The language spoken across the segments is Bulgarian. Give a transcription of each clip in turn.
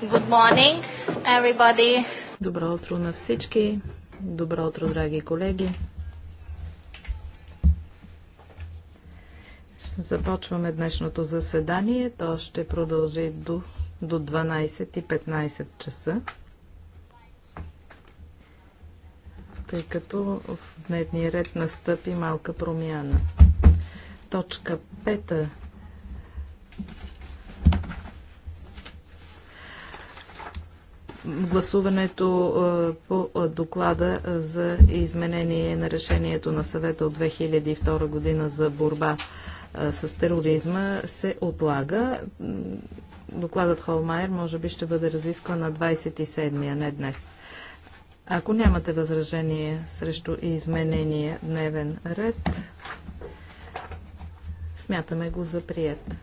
Good morning, everybody. Добро утро на всички. Добро утро, драги колеги. Започваме днешното заседание. То ще продължи до, до 12.15 часа. Тъй като в дневния ред настъпи малка промяна. Точка 5 гласуването по доклада за изменение на решението на съвета от 2002 година за борба с тероризма се отлага. Докладът Холмайер може би ще бъде разискван на 27-я, не днес. Ако нямате възражение срещу изменение дневен ред, смятаме го за прият.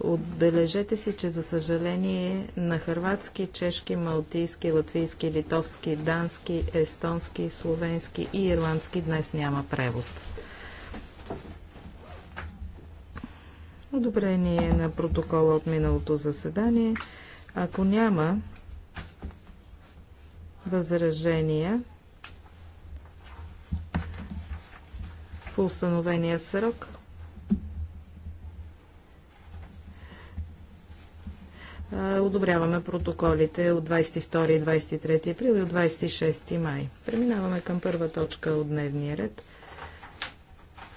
Отбележете си, че за съжаление на хърватски, чешки, малтийски, латвийски, литовски, дански, естонски, словенски и ирландски днес няма превод. Одобрение на протокола от миналото заседание. Ако няма възражения по установения срок, одобряваме протоколите от 22 и 23 април и от 26 май. Преминаваме към първа точка от дневния ред.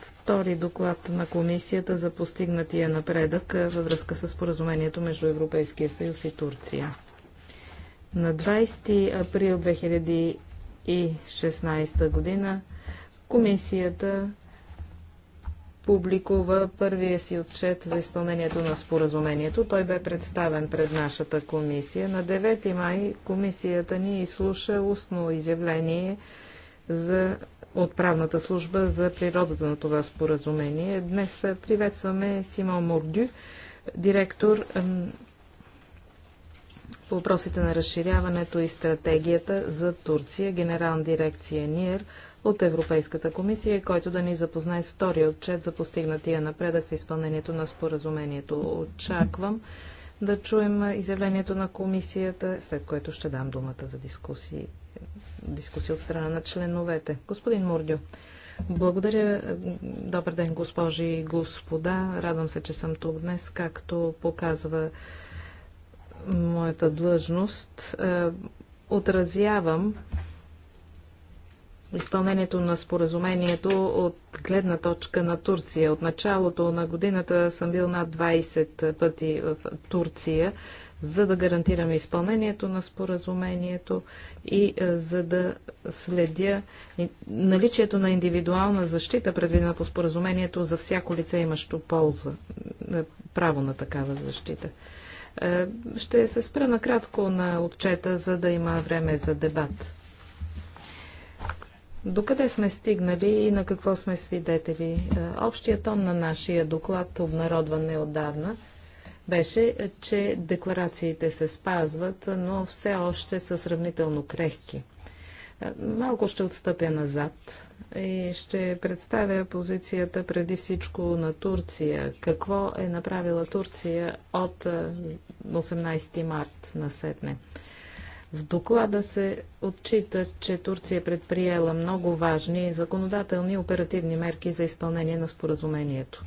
Втори доклад на Комисията за постигнатия напредък във връзка с поразумението между Европейския съюз и Турция. На 20 април 2016 година Комисията публикува първия си отчет за изпълнението на споразумението. Той бе представен пред нашата комисия. На 9 май комисията ни изслуша устно изявление за отправната служба за природата на това споразумение. Днес приветстваме Симон Мордю, директор по въпросите на разширяването и стратегията за Турция, генерална дирекция НИР от Европейската комисия, който да ни запознае с втория отчет за постигнатия напредък в изпълнението на споразумението. Очаквам да чуем изявлението на комисията, след което ще дам думата за дискусии, дискусии от страна на членовете. Господин Мурдю, благодаря. Добър ден, госпожи и господа. Радвам се, че съм тук днес, както показва моята длъжност. Е, отразявам изпълнението на споразумението от гледна точка на Турция. От началото на годината съм бил над 20 пъти в Турция, за да гарантираме изпълнението на споразумението и е, за да следя наличието на индивидуална защита, предвидена по споразумението за всяко лице имащо полза, е, право на такава защита. Е, ще се спра накратко на отчета, за да има време за дебат. Докъде сме стигнали и на какво сме свидетели? Е, общия тон на нашия доклад, обнародван неодавна, беше, е, че декларациите се спазват, но все още са сравнително крехки. Е, малко ще отстъпя назад и ще представя позицията преди всичко на Турция. Какво е направила Турция от 18 март на сетне? В доклада се отчита, че Турция е предприела много важни законодателни и оперативни мерки за изпълнение на споразумението.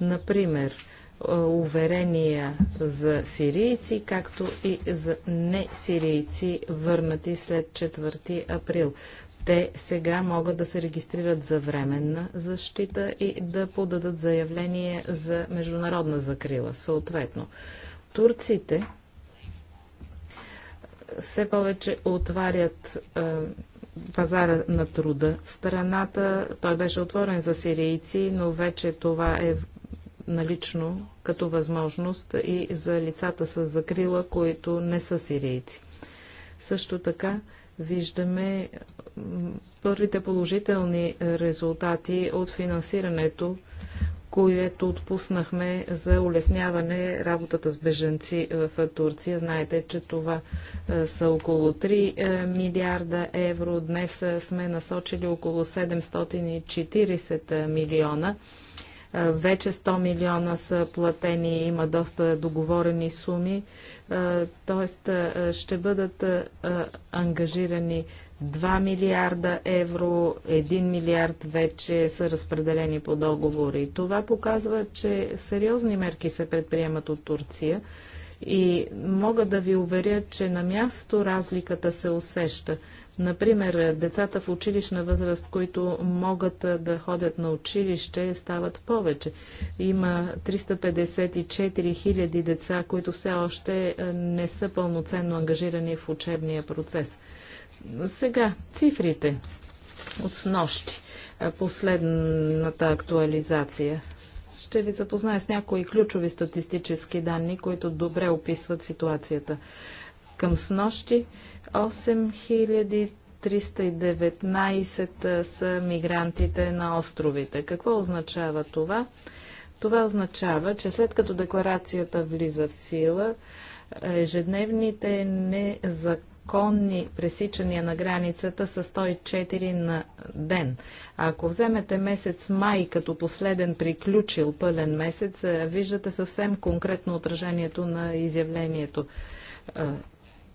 Например, е, уверения за сирийци, както и за несирийци, върнати след 4 април. Те сега могат да се регистрират за временна защита и да подадат заявление за международна закрила, съответно. Турците все повече отварят е, пазара на труда страната. Той беше отворен за сирийци, но вече това е налично като възможност и за лицата с закрила, които не са сирийци. Също така виждаме първите положителни резултати от финансирането което отпуснахме за улесняване работата с беженци в Турция. Знаете, че това е, са около 3 е, милиарда евро. Днес е, сме насочили около 740 милиона. Вече 100 милиона са платени, има доста договорени суми, т.е. ще бъдат ангажирани 2 милиарда евро, 1 милиард вече са разпределени по договори. Това показва, че сериозни мерки се предприемат от Турция и мога да ви уверя, че на място разликата се усеща. Например, децата в училищна възраст, които могат да ходят на училище, стават повече. Има 354 хиляди деца, които все още е, не са пълноценно ангажирани в учебния процес. Сега, цифрите от снощи, последната актуализация. Ще ви запозная с някои ключови статистически данни, които добре описват ситуацията. Към снощи 8319 са мигрантите на островите. Какво означава това? Това означава, че след като декларацията влиза в сила, ежедневните незаконни конни пресичания на границата са 104 на ден. Ако вземете месец май като последен приключил пълен месец, е, виждате съвсем конкретно отражението на изявлението е,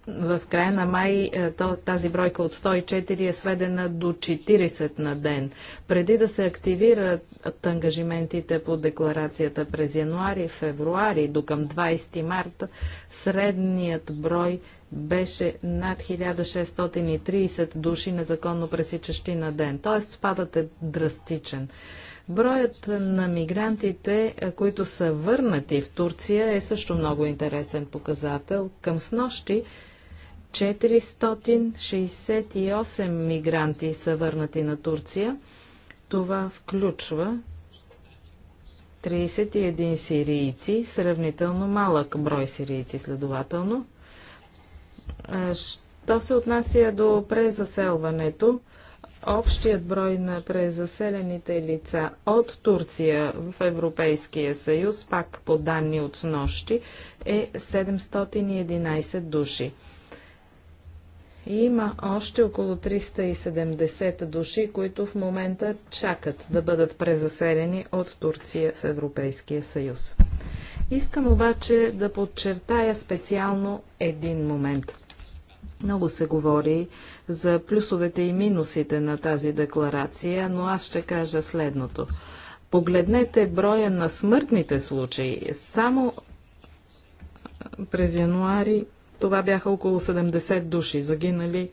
в края на май е, тази бройка от 104 е сведена до 40 на ден. Преди да се активират ангажиментите по декларацията през януари, февруари до към 20 марта, средният брой беше над 1630 души незаконно пресичащи на ден. Тоест спадът е драстичен. Броят на мигрантите, е, които са върнати в Турция, е също много интересен показател. Към снощи 468 мигранти са върнати на Турция. Това включва 31 сирийци, сравнително малък брой сирийци следователно, Що се отнася до презаселването, общият брой на презаселените лица от Турция в Европейския съюз, пак по данни от нощи, е 711 души. Има още около 370 души, които в момента чакат да бъдат презаселени от Турция в Европейския съюз. Искам обаче да подчертая специално един момент – много се говори за плюсовете и минусите на тази декларация, но аз ще кажа следното. Погледнете броя на смъртните случаи. Само през януари това бяха около 70 души загинали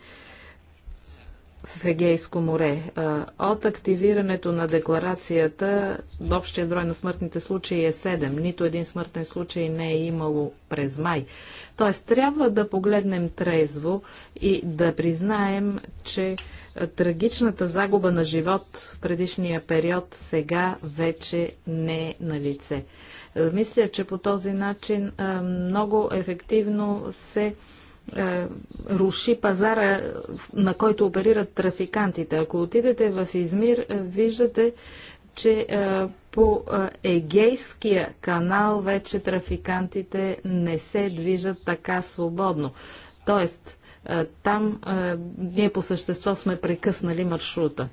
в Егейско море. От активирането на декларацията общия брой на смъртните случаи е 7. Нито един смъртен случай не е имало през май. Тоест трябва да погледнем трезво и да признаем, че трагичната загуба на живот в предишния период сега вече не е на лице. Мисля, че по този начин много ефективно се е, руши пазара, на който оперират трафикантите. Ако отидете в Измир, е, виждате, че е, по Егейския канал вече трафикантите не се движат така свободно. Тоест, е, там е, ние по същество сме прекъснали маршрута.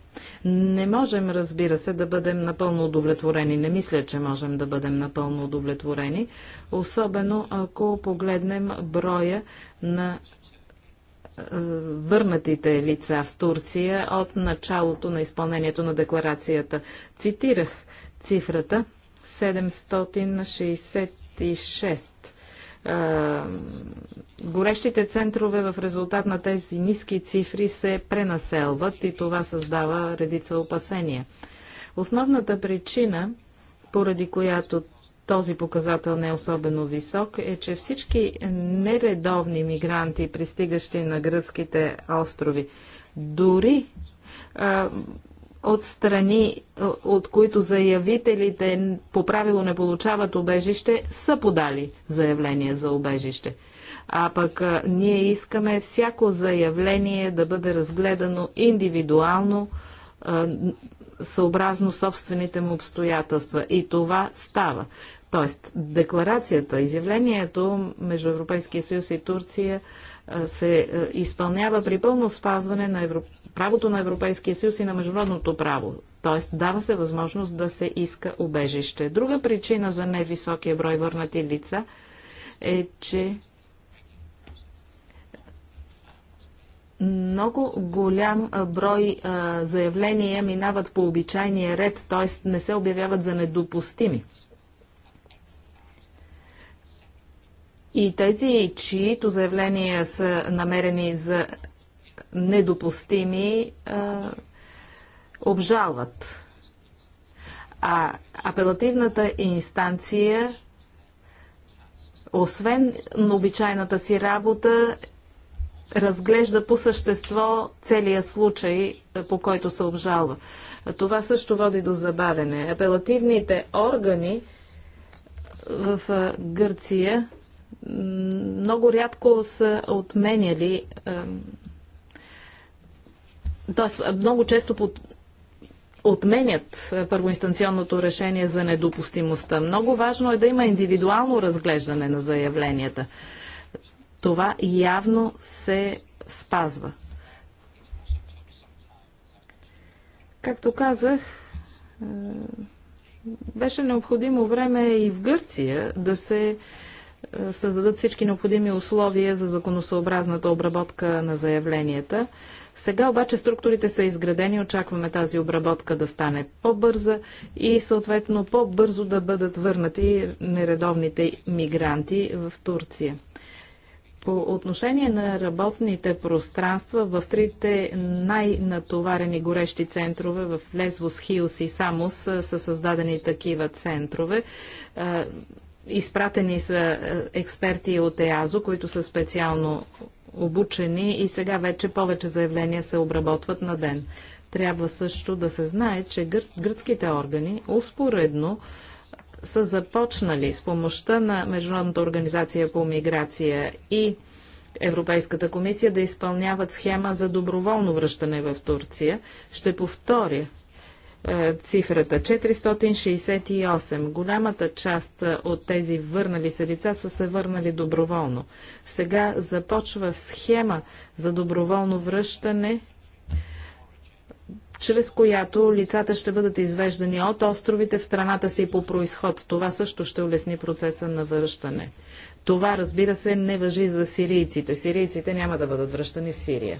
Не можем, разбира се, да бъдем напълно удовлетворени. Не мисля, че можем да бъдем напълно удовлетворени, особено ако погледнем броя на е, върнатите лица в Турция от началото на изпълнението на декларацията. Цитирах цифрата 766 горещите центрове в резултат на тези ниски цифри се пренаселват и това създава редица опасения. Основната причина, поради която този показател не е особено висок, е, че всички нередовни мигранти, пристигащи на гръцките острови, дори а, от страни, е, от които заявителите по правило не получават обежище, са подали заявление за обежище. А пък е, ние искаме всяко заявление да бъде разгледано индивидуално, е, съобразно собствените му обстоятелства. И това става. Тоест, декларацията, изявлението между Европейския съюз и Турция се изпълнява при пълно спазване на европейските правото на Европейския съюз и на международното право. Т.е. дава се възможност да се иска убежище. Друга причина за невисокия брой върнати лица е, че много голям брой заявления минават по обичайния ред, т.е. не се обявяват за недопустими. И тези, чието заявления са намерени за недопустими, обжалват. А апелативната инстанция, освен на обичайната си работа, разглежда по същество целия случай, по който се обжалва. Това също води до забавене. Апелативните органи в Гърция много рядко са отменяли т.е. много често под отменят е, първоинстанционното решение за недопустимостта. Много важно е да има индивидуално разглеждане на заявленията. Това явно се спазва. Както казах, е, беше необходимо време и в Гърция да се е, създадат всички необходими условия за законосъобразната обработка на заявленията. Сега обаче структурите са изградени, очакваме тази обработка да стане по-бърза и съответно по-бързо да бъдат върнати нередовните мигранти в Турция. По отношение на работните пространства в трите най-натоварени горещи центрове в Лезвос, Хиос и Самос са създадени такива центрове. Изпратени са експерти от ЕАЗО, които са специално обучени и сега вече повече заявления се обработват на ден. Трябва също да се знае, че гър... гръцките органи успоредно са започнали с помощта на Международната организация по миграция и Европейската комисия да изпълняват схема за доброволно връщане в Турция. Ще повторя, е, цифрата 468. Голямата част е, от тези върнали се лица са се върнали доброволно. Сега започва схема за доброволно връщане, чрез която лицата ще бъдат извеждани от островите в страната си по происход. Това също ще улесни процеса на връщане. Това, разбира се, не въжи за сирийците. Сирийците няма да бъдат връщани в Сирия.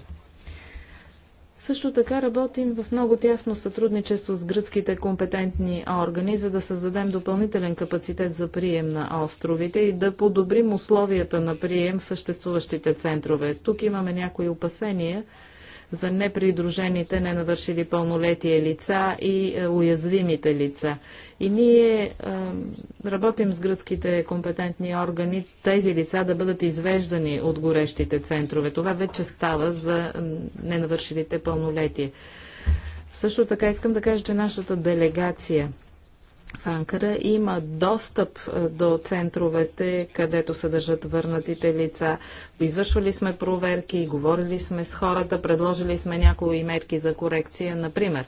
Също така работим в много тясно сътрудничество с гръцките компетентни органи, за да създадем допълнителен капацитет за прием на островите и да подобрим условията на прием в съществуващите центрове. Тук имаме някои опасения за непридружените, ненавършили пълнолетие лица и е, уязвимите лица. И ние е, работим с гръцките компетентни органи тези лица да бъдат извеждани от горещите центрове. Това вече става за ненавършилите пълнолетие. Също така искам да кажа, че нашата делегация – в Анкара има достъп е, до центровете, където се държат върнатите лица. Извършвали сме проверки, говорили сме с хората, предложили сме някои мерки за корекция, например.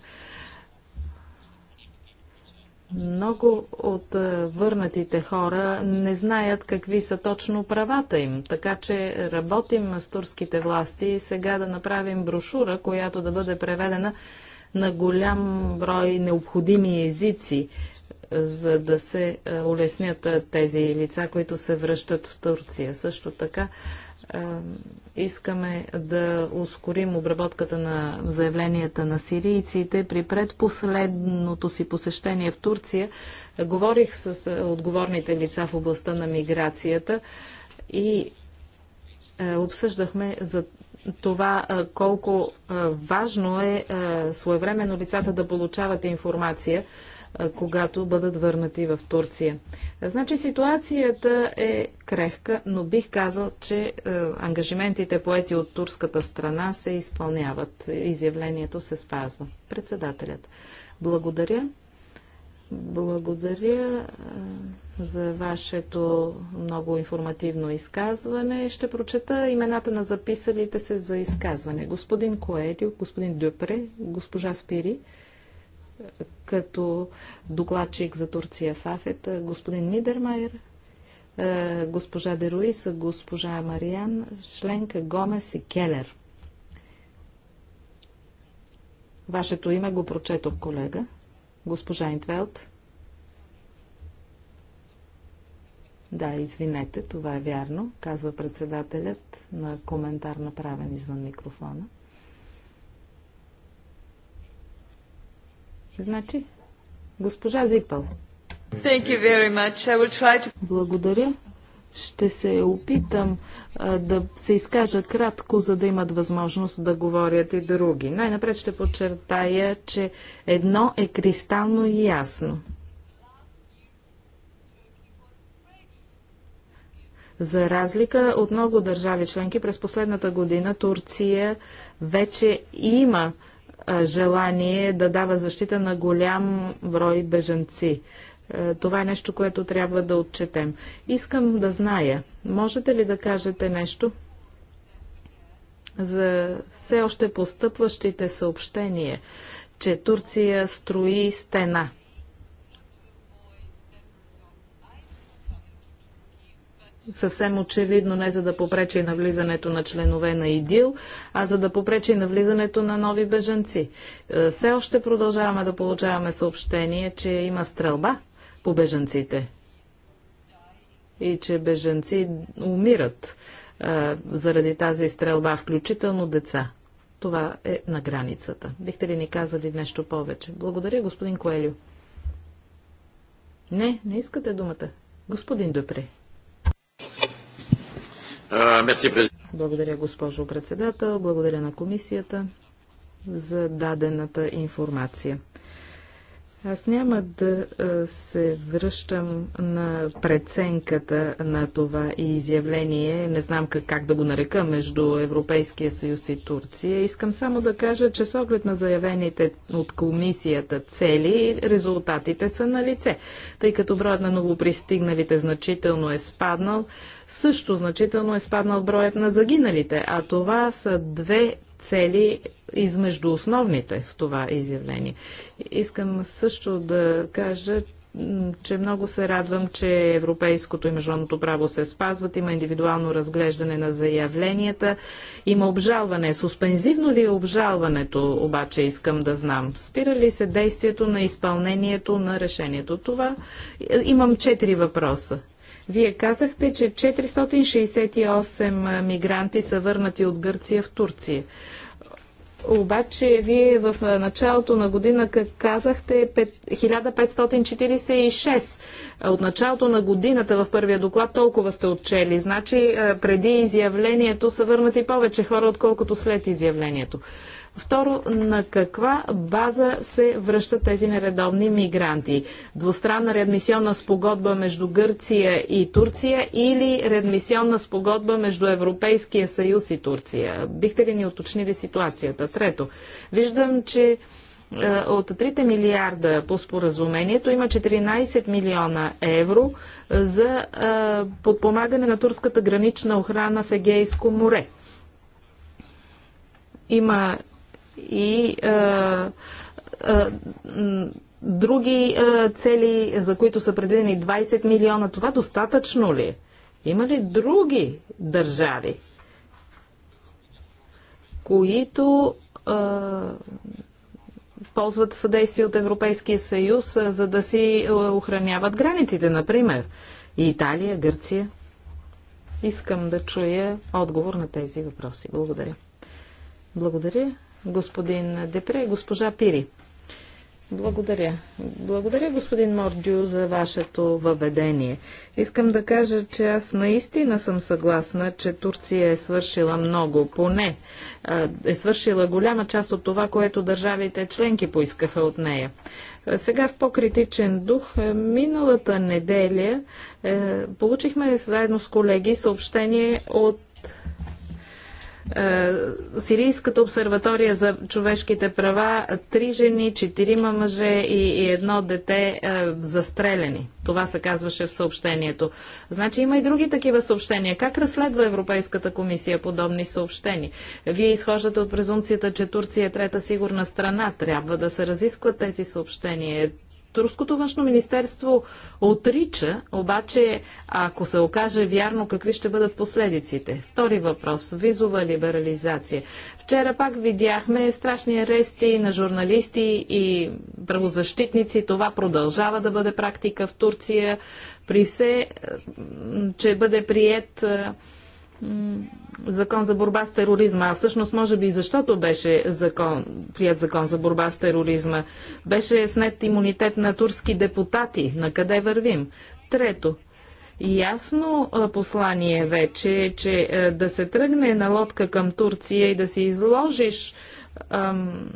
Много от е, върнатите хора не знаят какви са точно правата им, така че работим с турските власти и сега да направим брошура, която да бъде преведена на голям брой необходими езици, за да се е, улеснят е, тези лица, които се връщат в Турция. Също така е, искаме да ускорим обработката на заявленията на сирийците. При предпоследното си посещение в Турция говорих с отговорните лица в областта на миграцията и обсъждахме за това колко важно е своевременно лицата да получават информация когато бъдат върнати в Турция. Значи ситуацията е крехка, но бих казал, че ангажиментите поети от турската страна се изпълняват. Изявлението се спазва. Председателят. Благодаря. Благодаря за вашето много информативно изказване. Ще прочета имената на записалите се за изказване. Господин Коелио, господин Дюпре, госпожа Спири, като докладчик за Турция в Афет, господин Нидермайер, госпожа Деруис, госпожа Мариан, Шленка, Гомес и Келер. Вашето име го прочетох, колега. Госпожа Интвелт. Да, извинете, това е вярно, казва председателят на коментар направен извън микрофона. Значи, госпожа Зипал. Thank you very much. I will try to... Благодаря. Ще се опитам а, да се изкажа кратко, за да имат възможност да говорят и други. Най-напред ще подчертая, че едно е кристално и ясно. За разлика от много държави членки, през последната година Турция вече има желание да дава защита на голям брой бежанци. Това е нещо, което трябва да отчетем. Искам да зная, можете ли да кажете нещо за все още постъпващите съобщения, че Турция строи стена съвсем очевидно не за да попречи на влизането на членове на ИДИЛ, а за да попречи на влизането на нови бежанци. Е, все още продължаваме да получаваме съобщение, че има стрелба по бежанците и че бежанци умират а, е, заради тази стрелба, включително деца. Това е на границата. Бихте ли ни казали нещо повече? Благодаря, господин Коелю. Не, не искате думата. Господин Дупре, благодаря, госпожо председател. Благодаря на комисията за дадената информация. Аз няма да се връщам на преценката на това и изявление, не знам как, как да го нарека, между Европейския съюз и Турция. Искам само да кажа, че с оглед на заявените от комисията цели, резултатите са на лице, тъй като броят на новопристигналите значително е спаднал, също значително е спаднал броят на загиналите, а това са две цели измежду основните в това изявление. Искам също да кажа, че много се радвам, че европейското и международното право се спазват, има индивидуално разглеждане на заявленията, има обжалване. Суспензивно ли е обжалването, обаче искам да знам. Спира ли се действието на изпълнението на решението? Това е, имам четири въпроса. Вие казахте, че 468 мигранти са върнати от Гърция в Турция. Обаче вие в началото на година казахте 1546. От началото на годината в първия доклад толкова сте отчели. Значи преди изявлението са върнати повече хора, отколкото след изявлението. Второ, на каква база се връщат тези нередовни мигранти? Двустранна реадмисионна спогодба между Гърция и Турция или реадмисионна спогодба между Европейския съюз и Турция? Бихте ли ни уточнили ситуацията? Трето, виждам, че е, от 3 милиарда по споразумението има 14 милиона евро за е, подпомагане на турската гранична охрана в Егейско море. Има и а, е, а, е, други а, е, цели, за които са предвидени 20 милиона. Това достатъчно ли? Има ли други държави, които а, ползват съдействие от Европейския съюз, а, за да си охраняват границите, например? Италия, Гърция? Искам да чуя отговор на тези въпроси. Благодаря. Благодаря господин Депре и госпожа Пири. Благодаря. Благодаря, господин Мордю, за вашето въведение. Искам да кажа, че аз наистина съм съгласна, че Турция е свършила много, поне е свършила голяма част от това, което държавите членки поискаха от нея. Сега в по-критичен дух, миналата неделя е, получихме заедно с колеги съобщение от е, Сирийската обсерватория за човешките права три жени, четирима мъже и едно дете е, застрелени. Това се казваше в съобщението. Значи има и други такива съобщения. Как разследва Европейската комисия подобни съобщения? Вие изхождате от презумцията, че Турция е трета сигурна страна. Трябва да се разискват тези съобщения. Турското външно министерство отрича, обаче ако се окаже вярно, какви ще бъдат последиците? Втори въпрос. Визова либерализация. Вчера пак видяхме страшни арести на журналисти и правозащитници. Това продължава да бъде практика в Турция. При все, че бъде прият закон за борба с тероризма, а всъщност може би защото беше закон, прият закон за борба с тероризма, беше снет имунитет на турски депутати. На къде вървим? Трето, ясно послание вече, е, че да се тръгне на лодка към Турция и да се изложиш ам,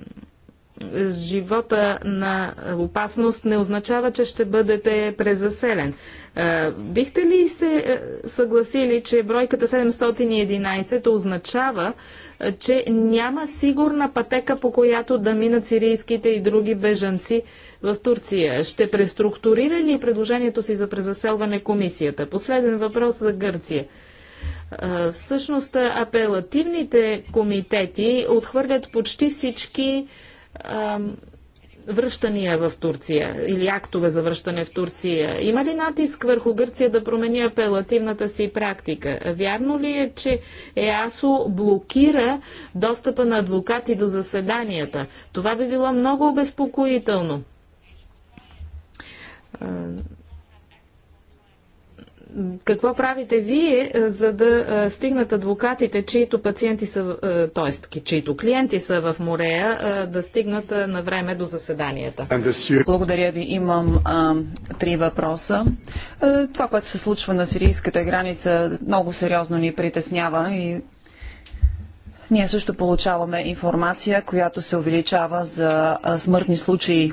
живота на опасност не означава, че ще бъдете презаселен. Е, бихте ли се е, съгласили, че бройката 711 означава, е, че няма сигурна пътека, по която да минат сирийските и други бежанци в Турция? Ще преструктурира ли предложението си за презаселване комисията? Последен въпрос за Гърция. Всъщност апелативните комитети отхвърлят почти всички връщания в Турция или актове за връщане в Турция. Има ли натиск върху Гърция да промени апелативната си практика? Вярно ли е, че ЕАСО блокира достъпа на адвокати до заседанията? Това би било много обезпокоително какво правите вие, е, за да е, стигнат адвокатите, чието пациенти са, т.е. чието клиенти са в Морея, е, да стигнат на време до заседанията? Благодаря ви. Имам а, три въпроса. А, това, което се случва на сирийската граница, много сериозно ни притеснява и ние също получаваме информация, която се увеличава за смъртни случаи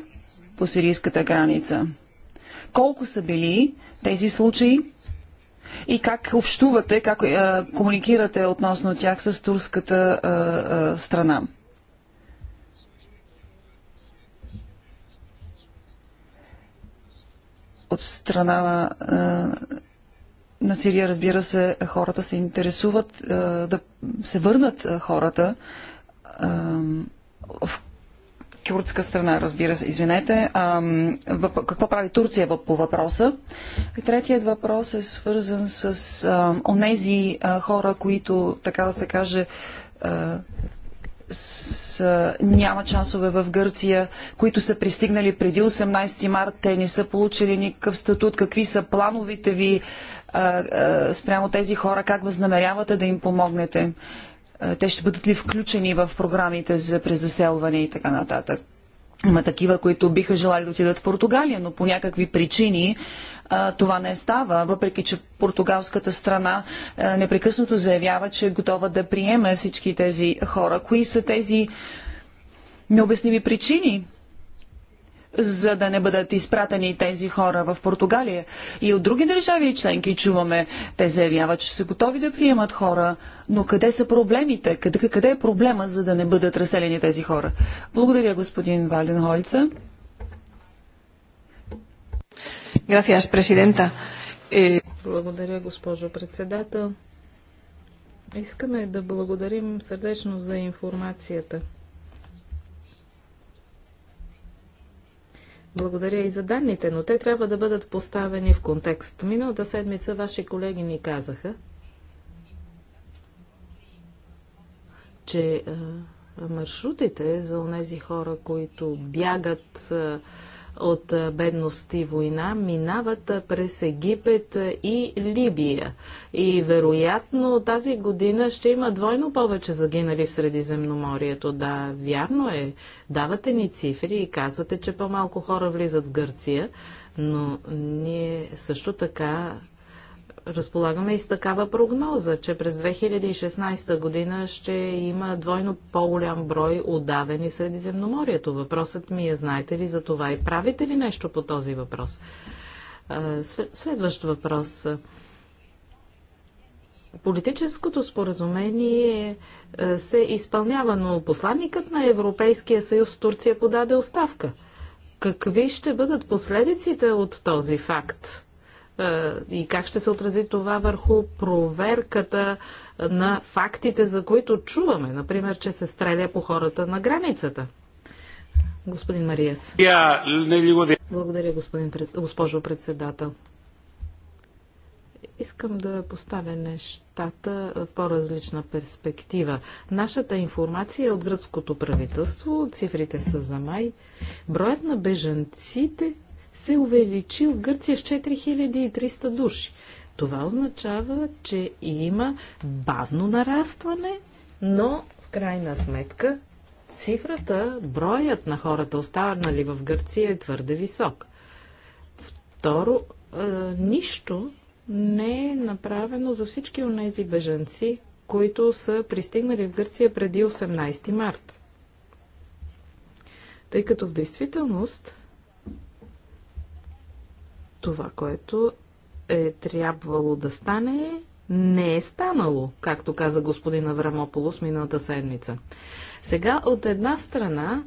по сирийската граница. Колко са били тези случаи и как общувате, как а, комуникирате относно тях с турската а, а, страна? От страна на, а, на Сирия, разбира се, хората се интересуват а, да се върнат а, хората. А, в кюрдска страна, разбира се, извинете. А, какво прави Турция по въпроса? И третият въпрос е свързан с а, онези а, хора, които, така да се каже, а, с, няма часове в Гърция, които са пристигнали преди 18 март, те не са получили никакъв статут. Какви са плановите ви а, а, спрямо тези хора? Как възнамерявате да им помогнете? Е, те ще бъдат ли включени в програмите за презаселване и така нататък. Има такива, които биха желали да отидат в Португалия, но по някакви причини а, е, това не става, въпреки че португалската страна а, е, непрекъснато заявява, че е готова да приеме всички тези хора. Кои са тези необясними причини? за да не бъдат изпратени тези хора в Португалия. И от други държави и членки чуваме, те заявяват, че са готови да приемат хора, но къде са проблемите? Къде, къде е проблема, за да не бъдат разселени тези хора? Благодаря, господин Вален Gracias, президента. Благодаря, госпожо председател. Искаме да благодарим сърдечно за информацията. Благодаря и за данните, но те трябва да бъдат поставени в контекст. Миналата седмица ваши колеги ни казаха, че маршрутите за онези хора, които бягат от бедност и война минават през Египет и Либия. И вероятно тази година ще има двойно повече загинали в Средиземноморието. Да, вярно е. Давате ни цифри и казвате, че по-малко хора влизат в Гърция, но ние също така разполагаме и с такава прогноза, че през 2016 година ще има двойно по-голям брой отдавени Средиземноморието. Въпросът ми е, знаете ли за това и правите ли нещо по този въпрос? Следващ въпрос. Политическото споразумение се изпълнява, но посланникът на Европейския съюз в Турция подаде оставка. Какви ще бъдат последиците от този факт? Е, и как ще се отрази това върху проверката на фактите, за които чуваме, например, че се стреля по хората на границата? Господин Мариес. Благодаря, господин, госпожо председател. Искам да поставя нещата в по-различна перспектива. Нашата информация е от гръцкото правителство, цифрите са за май. Броят на бежанците се увеличи в Гърция с 4300 души. Това означава, че има бавно нарастване, но в крайна сметка цифрата, броят на хората останали в Гърция е твърде висок. Второ, е, нищо не е направено за всички от тези бежанци, които са пристигнали в Гърция преди 18 март. Тъй като в действителност това, което е трябвало да стане, не е станало, както каза господин Аврамополос миналата седмица. Сега от една страна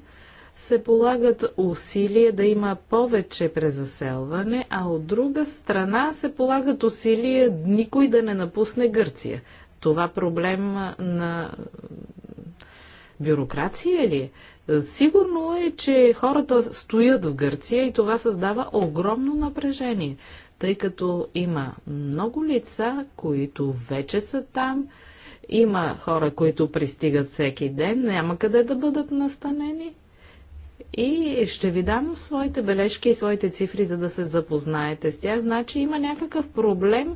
се полагат усилия да има повече презаселване, а от друга страна се полагат усилия никой да не напусне Гърция. Това проблем на бюрокрация ли е? Сигурно е, че хората стоят в Гърция и това създава огромно напрежение, тъй като има много лица, които вече са там, има хора, които пристигат всеки ден, няма къде да бъдат настанени. И ще ви дам своите бележки и своите цифри, за да се запознаете с тях. Значи има някакъв проблем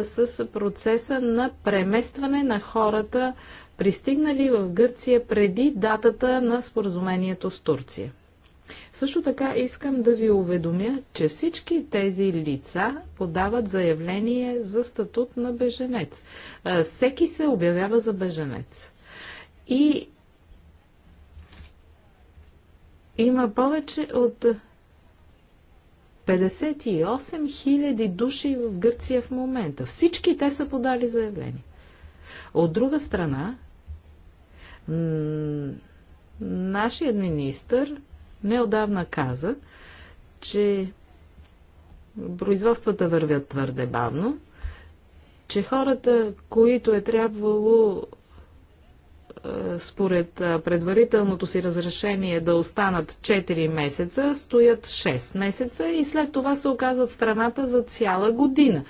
с процеса на преместване на хората пристигнали в Гърция преди датата на споразумението с Турция. Също така искам да ви уведомя, че всички тези лица подават заявление за статут на беженец. Всеки се обявява за беженец. И има повече от 58 000 души в Гърция в момента. Всички те са подали заявление. От друга страна, Нашият министр неодавна каза, че производствата вървят твърде бавно, че хората, които е трябвало е, според е, предварителното си разрешение да останат 4 месеца, стоят 6 месеца и след това се оказват страната за цяла година.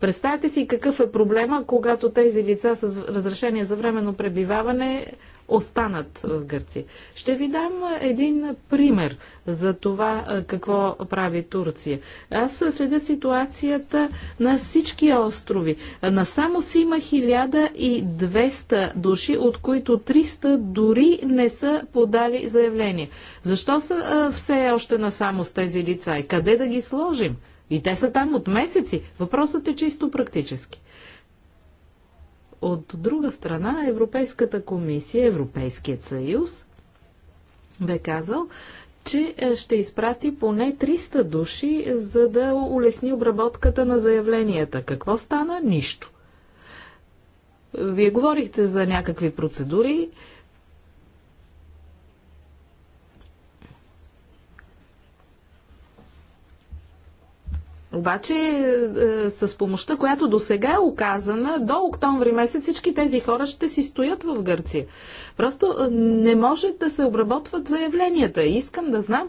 Представете си какъв е проблема, когато тези лица с разрешение за временно пребиваване останат в Гърция. Ще ви дам един пример за това какво прави Турция. Аз следя ситуацията на всички острови. На Самос има 1200 души, от които 300 дори не са подали заявление. Защо са все още на Самос тези лица и къде да ги сложим? И те са там от месеци. Въпросът е чисто практически. От друга страна, Европейската комисия, Европейският съюз бе казал, че е, ще изпрати поне 300 души, за да улесни обработката на заявленията. Какво стана? Нищо. Вие говорихте за някакви процедури. Обаче е, е, с помощта, която до сега е оказана, до октомври месец всички тези хора ще си стоят в Гърция. Просто е, не може да се обработват заявленията. Искам да знам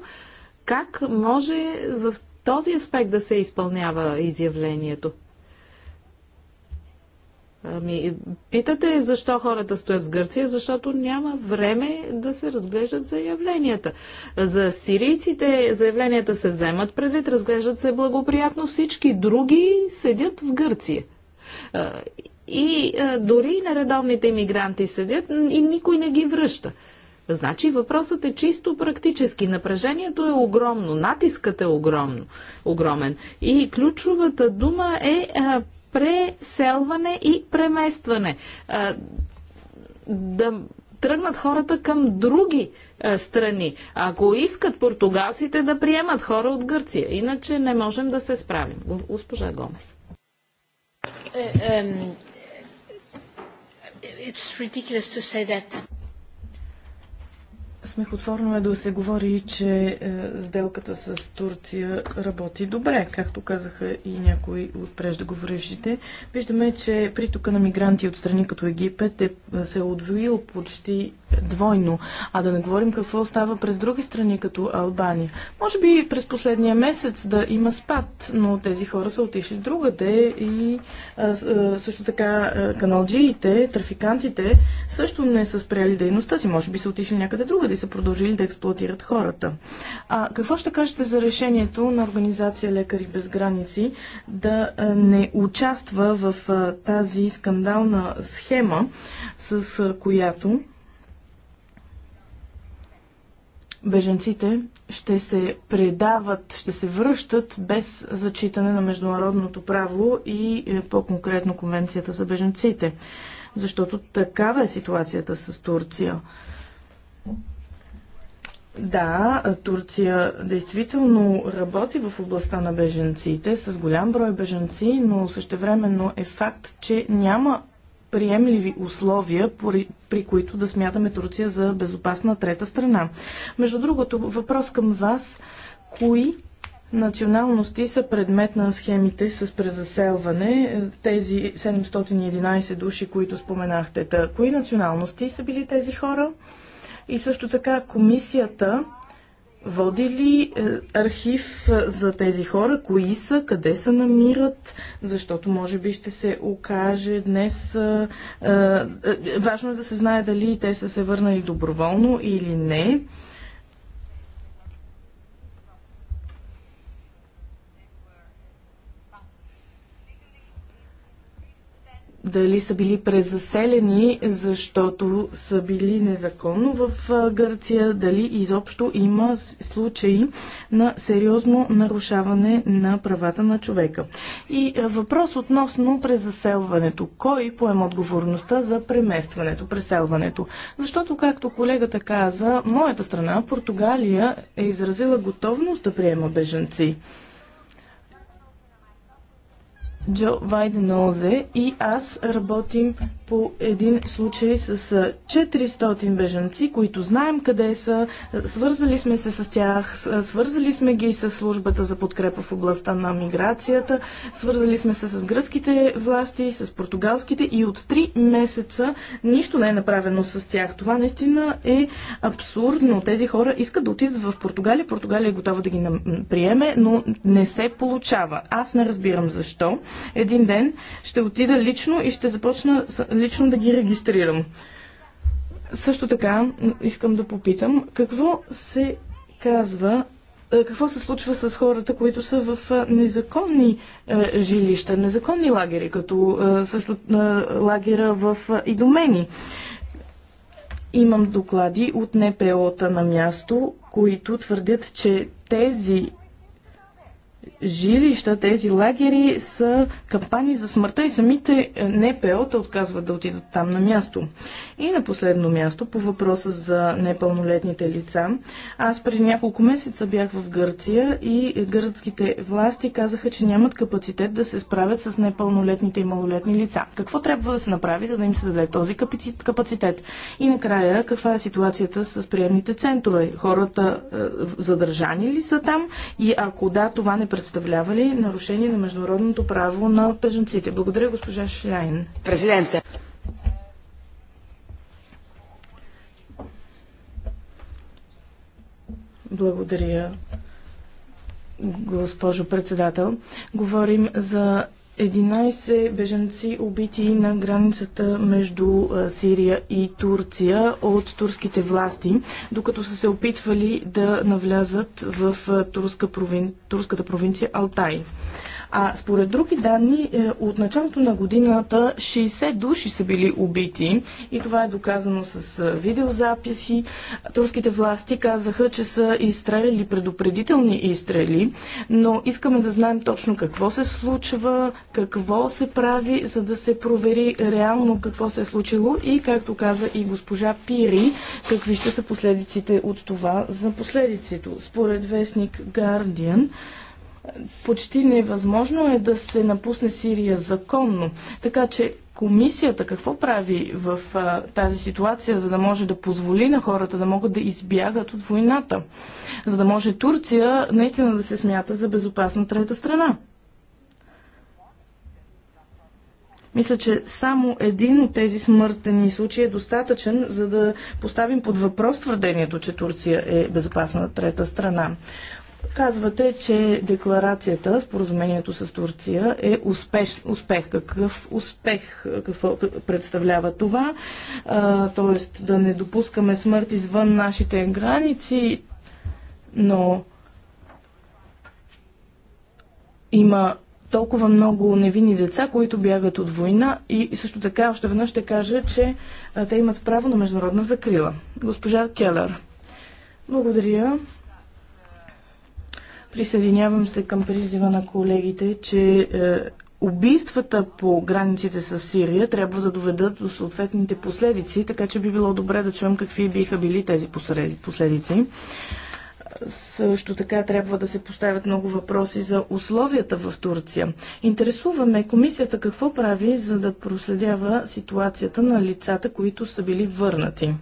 как може в този аспект да се изпълнява изявлението. Ами, питате защо хората стоят в Гърция, защото няма време да се разглеждат заявленията. За сирийците заявленията се вземат предвид, разглеждат се благоприятно, всички други седят в Гърция. И дори нередовните иммигранти седят и никой не ги връща. Значи въпросът е чисто практически. Напрежението е огромно, натискът е огромно, огромен. И ключовата дума е а, преселване и преместване. Да тръгнат хората към други страни, ако искат португалците да приемат хора от Гърция. Иначе не можем да се справим. Госпожа Гомес. Е, е, е, it's ridiculous to say that. Смехотворно е да се говори, че е, сделката с Турция работи добре, както казаха и някои от преждеговорившите. Виждаме, че притока на мигранти от страни като Египет е, се е отвоил почти двойно, а да не говорим какво става през други страни като Албания. Може би през последния месец да има спад, но тези хора са отишли другаде и е, е, също така каналджиите, трафикантите също не са спряли дейността си, може би са отишли някъде другаде са продължили да експлуатират хората. А какво ще кажете за решението на организация Лекари без граници да не участва в тази скандална схема, с която беженците ще се предават, ще се връщат без зачитане на международното право и е, по-конкретно конвенцията за беженците. Защото такава е ситуацията с Турция. Да, Турция действително работи в областта на беженците с голям брой беженци, но същевременно е факт, че няма приемливи условия, при, при които да смятаме Турция за безопасна трета страна. Между другото, въпрос към вас. Кои националности са предмет на схемите с презаселване, тези 711 души, които споменахте. Та, кои националности са били тези хора? И също така комисията води ли е, архив е, за тези хора? Кои са? Къде се намират? Защото може би ще се окаже днес. Е, важно е да се знае дали те са се върнали доброволно или не. дали са били презаселени, защото са били незаконно в Гърция, дали изобщо има случаи на сериозно нарушаване на правата на човека. И въпрос относно презаселването. Кой поема отговорността за преместването, преселването? Защото, както колегата каза, моята страна, Португалия, е изразила готовност да приема беженци. Джо Вайденозе и аз работим по един случай с 400 бежанци, които знаем къде са, свързали сме се с тях, свързали сме ги с службата за подкрепа в областта на миграцията, свързали сме се с гръцките власти, с португалските и от 3 месеца нищо не е направено с тях. Това наистина е абсурдно. Тези хора искат да отидат в Португалия, Португалия е готова да ги приеме, но не се получава. Аз не разбирам защо. Един ден ще отида лично и ще започна лично да ги регистрирам. Също така искам да попитам какво се казва е, какво се случва с хората, които са в е, незаконни е, жилища, незаконни лагери, като също лагера в Идомени. Имам доклади от НПО-та на място, които твърдят, че тези жилища, тези лагери са кампании за смъртта и самите е, НПО-та отказват да отидат там на място. И на последно място, по въпроса за непълнолетните лица, аз преди няколко месеца бях в Гърция и гръцките власти казаха, че нямат капацитет да се справят с непълнолетните и малолетни лица. Какво трябва да се направи, за да им се даде този капацитет? И накрая, каква е ситуацията с приемните центрове? Хората е, задържани ли са там? И ако да, това не представлява представлявали нарушение на международното право на беженците. Благодаря, госпожа Шляйн. Президента. Благодаря, госпожо председател. Говорим за 11 беженци убити на границата между Сирия и Турция от турските власти, докато са се опитвали да навлязат в турска провин... турската провинция Алтай. А според други данни, е, от началото на годината 60 души са били убити и това е доказано с е, видеозаписи. Турските власти казаха, че са изстреляли предупредителни изстрели, но искаме да знаем точно какво се случва, какво се прави, за да се провери реално какво се е случило и, както каза и госпожа Пири, какви ще са последиците от това за последиците. Според вестник Guardian, почти невъзможно е да се напусне Сирия законно. Така че комисията какво прави в а, тази ситуация, за да може да позволи на хората да могат да избягат от войната? За да може Турция наистина да се смята за безопасна трета страна? Мисля, че само един от тези смъртени случаи е достатъчен, за да поставим под въпрос твърдението, че Турция е безопасна трета страна. Казвате, че декларацията, споразумението с Турция е успеш, успех. Какъв успех какво представлява това? Тоест да не допускаме смърт извън нашите граници, но има толкова много невинни деца, които бягат от война и също така още веднъж ще кажа, че те имат право на международна закрила. Госпожа Келър. Благодаря. Присъединявам се към призива на колегите, че е, убийствата по границите с Сирия трябва да доведат до съответните последици, така че би било добре да чуем какви биха били тези последици. Също така трябва да се поставят много въпроси за условията в Турция. Интересуваме комисията какво прави, за да проследява ситуацията на лицата, които са били върнати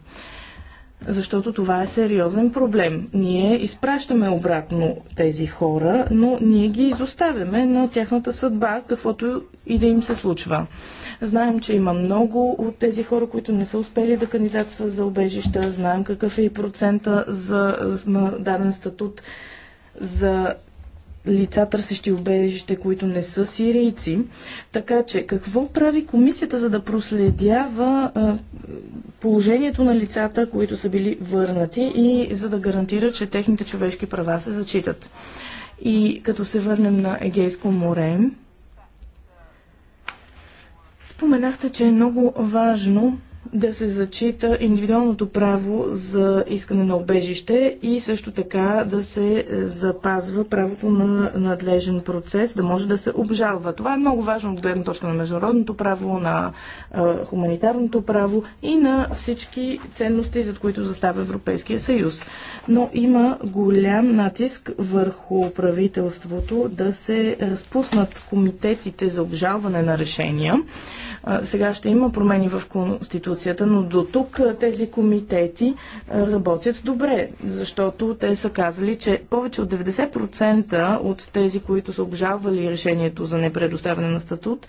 защото това е сериозен проблем. Ние изпращаме обратно тези хора, но ние ги изоставяме на тяхната съдба, каквото и да им се случва. Знаем, че има много от тези хора, които не са успели да кандидатстват за обежища. Знаем какъв е и процента за, на даден статут за лица, търсещи убежище, които не са сирийци. Така че, какво прави комисията, за да проследява положението на лицата, които са били върнати и за да гарантира, че техните човешки права се зачитат? И като се върнем на Егейско море, споменахте, че е много важно да се зачита индивидуалното право за искане на обежище и също така да се е, запазва правото на надлежен процес, да може да се обжалва. Това е много важно от гледна точка на международното право, на е, хуманитарното право и на всички ценности, за които застава Европейския съюз. Но има голям натиск върху правителството да се разпуснат комитетите за обжалване на решения, сега ще има промени в Конституцията, но до тук тези комитети работят добре, защото те са казали, че повече от 90% от тези, които са обжалвали решението за непредоставяне на статут,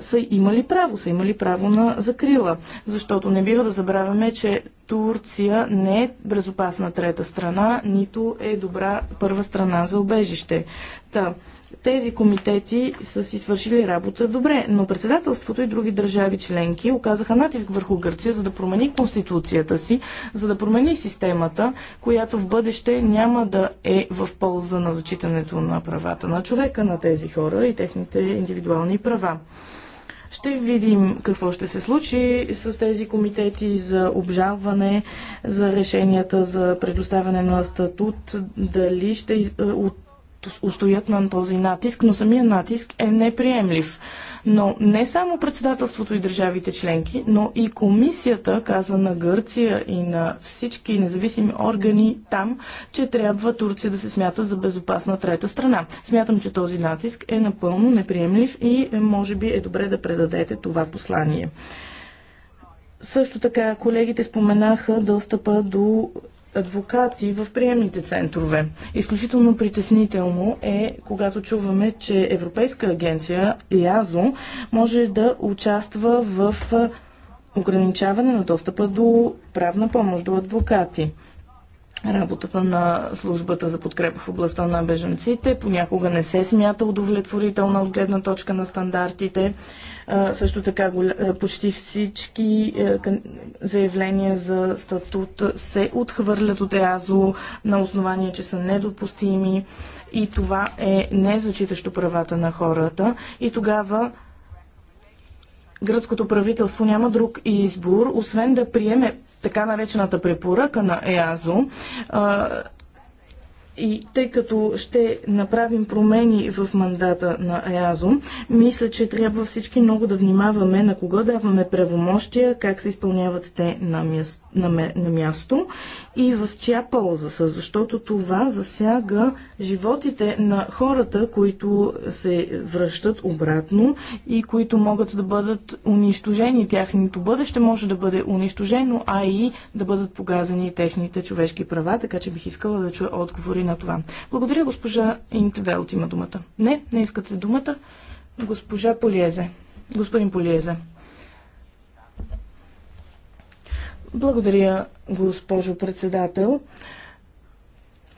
са имали право, са имали право на закрила. Защото не бива да забравяме, че Турция не е безопасна трета страна, нито е добра първа страна за убежище. Та, тези комитети са си свършили работа добре, но председателството и други държави членки оказаха натиск върху Гърция, за да промени конституцията си, за да промени системата, която в бъдеще няма да е в полза на зачитането на правата на човека, на тези хора и техните индивидуални права. Ще видим какво ще се случи с тези комитети за обжалване, за решенията за предоставяне на статут, дали ще от устоят на този натиск, но самия натиск е неприемлив. Но не само председателството и държавите членки, но и комисията каза на Гърция и на всички независими органи там, че трябва Турция да се смята за безопасна трета страна. Смятам, че този натиск е напълно неприемлив и може би е добре да предадете това послание. Също така колегите споменаха достъпа до адвокати в приемните центрове. Изключително притеснително е, когато чуваме, че Европейска агенция ИАЗО може да участва в ограничаване на достъпа до правна помощ, до адвокати. Работата на службата за подкрепа в областта на беженците понякога не се смята удовлетворителна от гледна точка на стандартите. Също така почти всички заявления за статут се отхвърлят от ЕАЗО на основание, че са недопустими и това е незачитащо правата на хората. И тогава Гръцкото правителство няма друг избор, освен да приеме така наречената препоръка на ЕАЗО, и тъй като ще направим промени в мандата на ЕАЗО, мисля, че трябва всички много да внимаваме на кого даваме правомощия, как се изпълняват те на място на, на място и в чия полза са, защото това засяга животите на хората, които се връщат обратно и които могат да бъдат унищожени. Тяхното бъдеще може да бъде унищожено, а и да бъдат погазани техните човешки права, така че бих искала да чуя отговори на това. Благодаря, госпожа Интвелт има думата. Не, не искате думата. Госпожа Полиезе. Господин Полиезе. Благодаря, госпожо председател.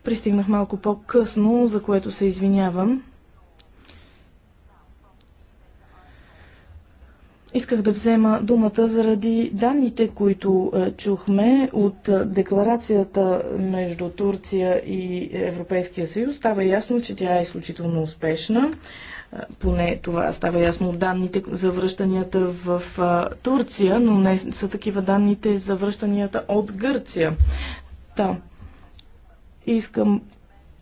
Пристигнах малко по-късно, за което се извинявам. Исках да взема думата заради данните, които е, чухме от е, декларацията между Турция и Европейския съюз. Става ясно, че тя е изключително успешна. Поне това става ясно от данните за връщанията в Турция, но не са такива данните за връщанията от Гърция. Та, да. искам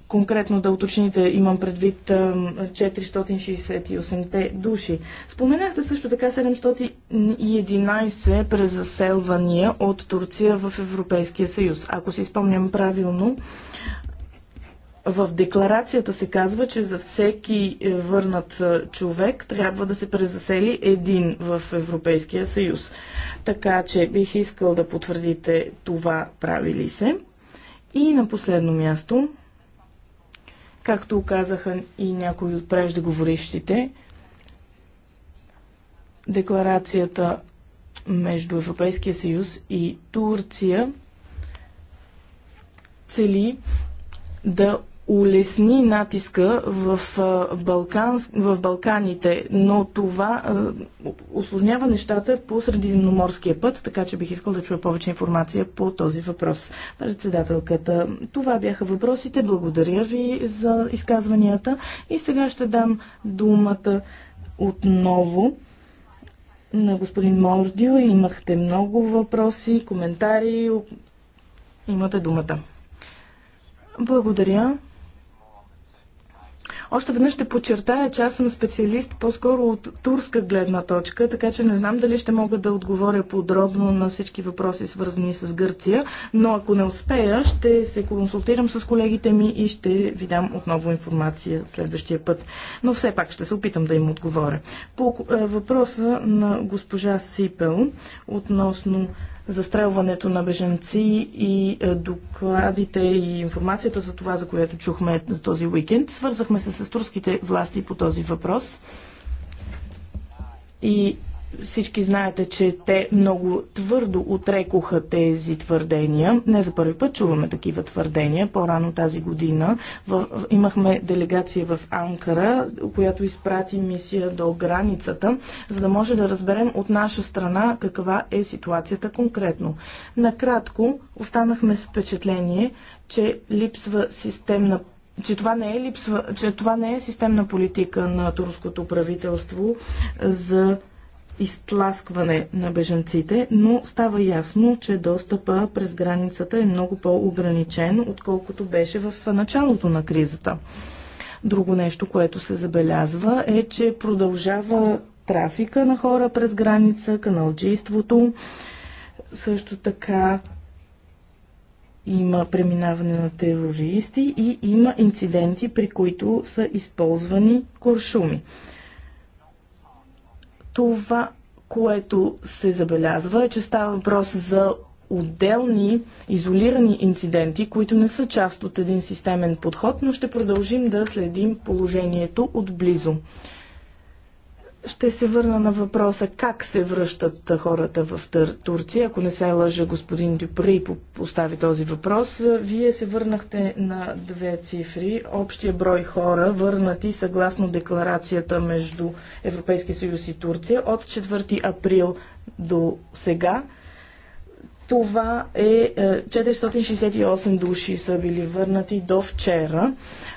конкретно да уточните, имам предвид 468-те души. Споменахте също така 711 презаселвания от Турция в Европейския съюз. Ако си спомням правилно, в декларацията се казва, че за всеки е, върнат е, човек трябва да се презасели един в Европейския съюз. Така че бих искал да потвърдите това правили се. И на последно място, както казаха и някои от преждеговорищите, декларацията между Европейския съюз и Турция цели да улесни натиска в, Балкан, в Балканите, но това осложнява нещата по Средиземноморския път, така че бих искал да чуя повече информация по този въпрос. Председателката, това бяха въпросите. Благодаря ви за изказванията и сега ще дам думата отново на господин Мордио. Имахте много въпроси, коментари. Имате думата. Благодаря. Още веднъж ще подчертая, че аз съм специалист по-скоро от турска гледна точка, така че не знам дали ще мога да отговоря подробно на всички въпроси, свързани с Гърция, но ако не успея, ще се консултирам с колегите ми и ще ви дам отново информация следващия път. Но все пак ще се опитам да им отговоря. По е, въпроса на госпожа Сипел относно застрелването на беженци и е, докладите и информацията за това, за което чухме този уикенд. Свързахме се с турските власти по този въпрос. И всички знаете, че те много твърдо отрекоха тези твърдения. Не за първи път чуваме такива твърдения. По-рано тази година в, имахме делегация в Анкара, която изпрати мисия до границата, за да може да разберем от наша страна каква е ситуацията конкретно. Накратко останахме с впечатление, че липсва системна че това, не е липсва, че това не е системна политика на турското правителство за изтласкване на бежанците, но става ясно, че достъпа през границата е много по-ограничен, отколкото беше в началото на кризата. Друго нещо, което се забелязва е, че продължава трафика на хора през граница, каналджийството, също така има преминаване на терористи и има инциденти, при които са използвани куршуми. Това, което се забелязва е, че става въпрос за отделни, изолирани инциденти, които не са част от един системен подход, но ще продължим да следим положението отблизо. Ще се върна на въпроса как се връщат хората в Турция. Ако не се лъжа, господин Дюпри постави този въпрос. Вие се върнахте на две цифри. Общия брой хора върнати съгласно декларацията между Европейския съюз и Турция от 4 април до сега това е 468 е, души са били върнати до вчера.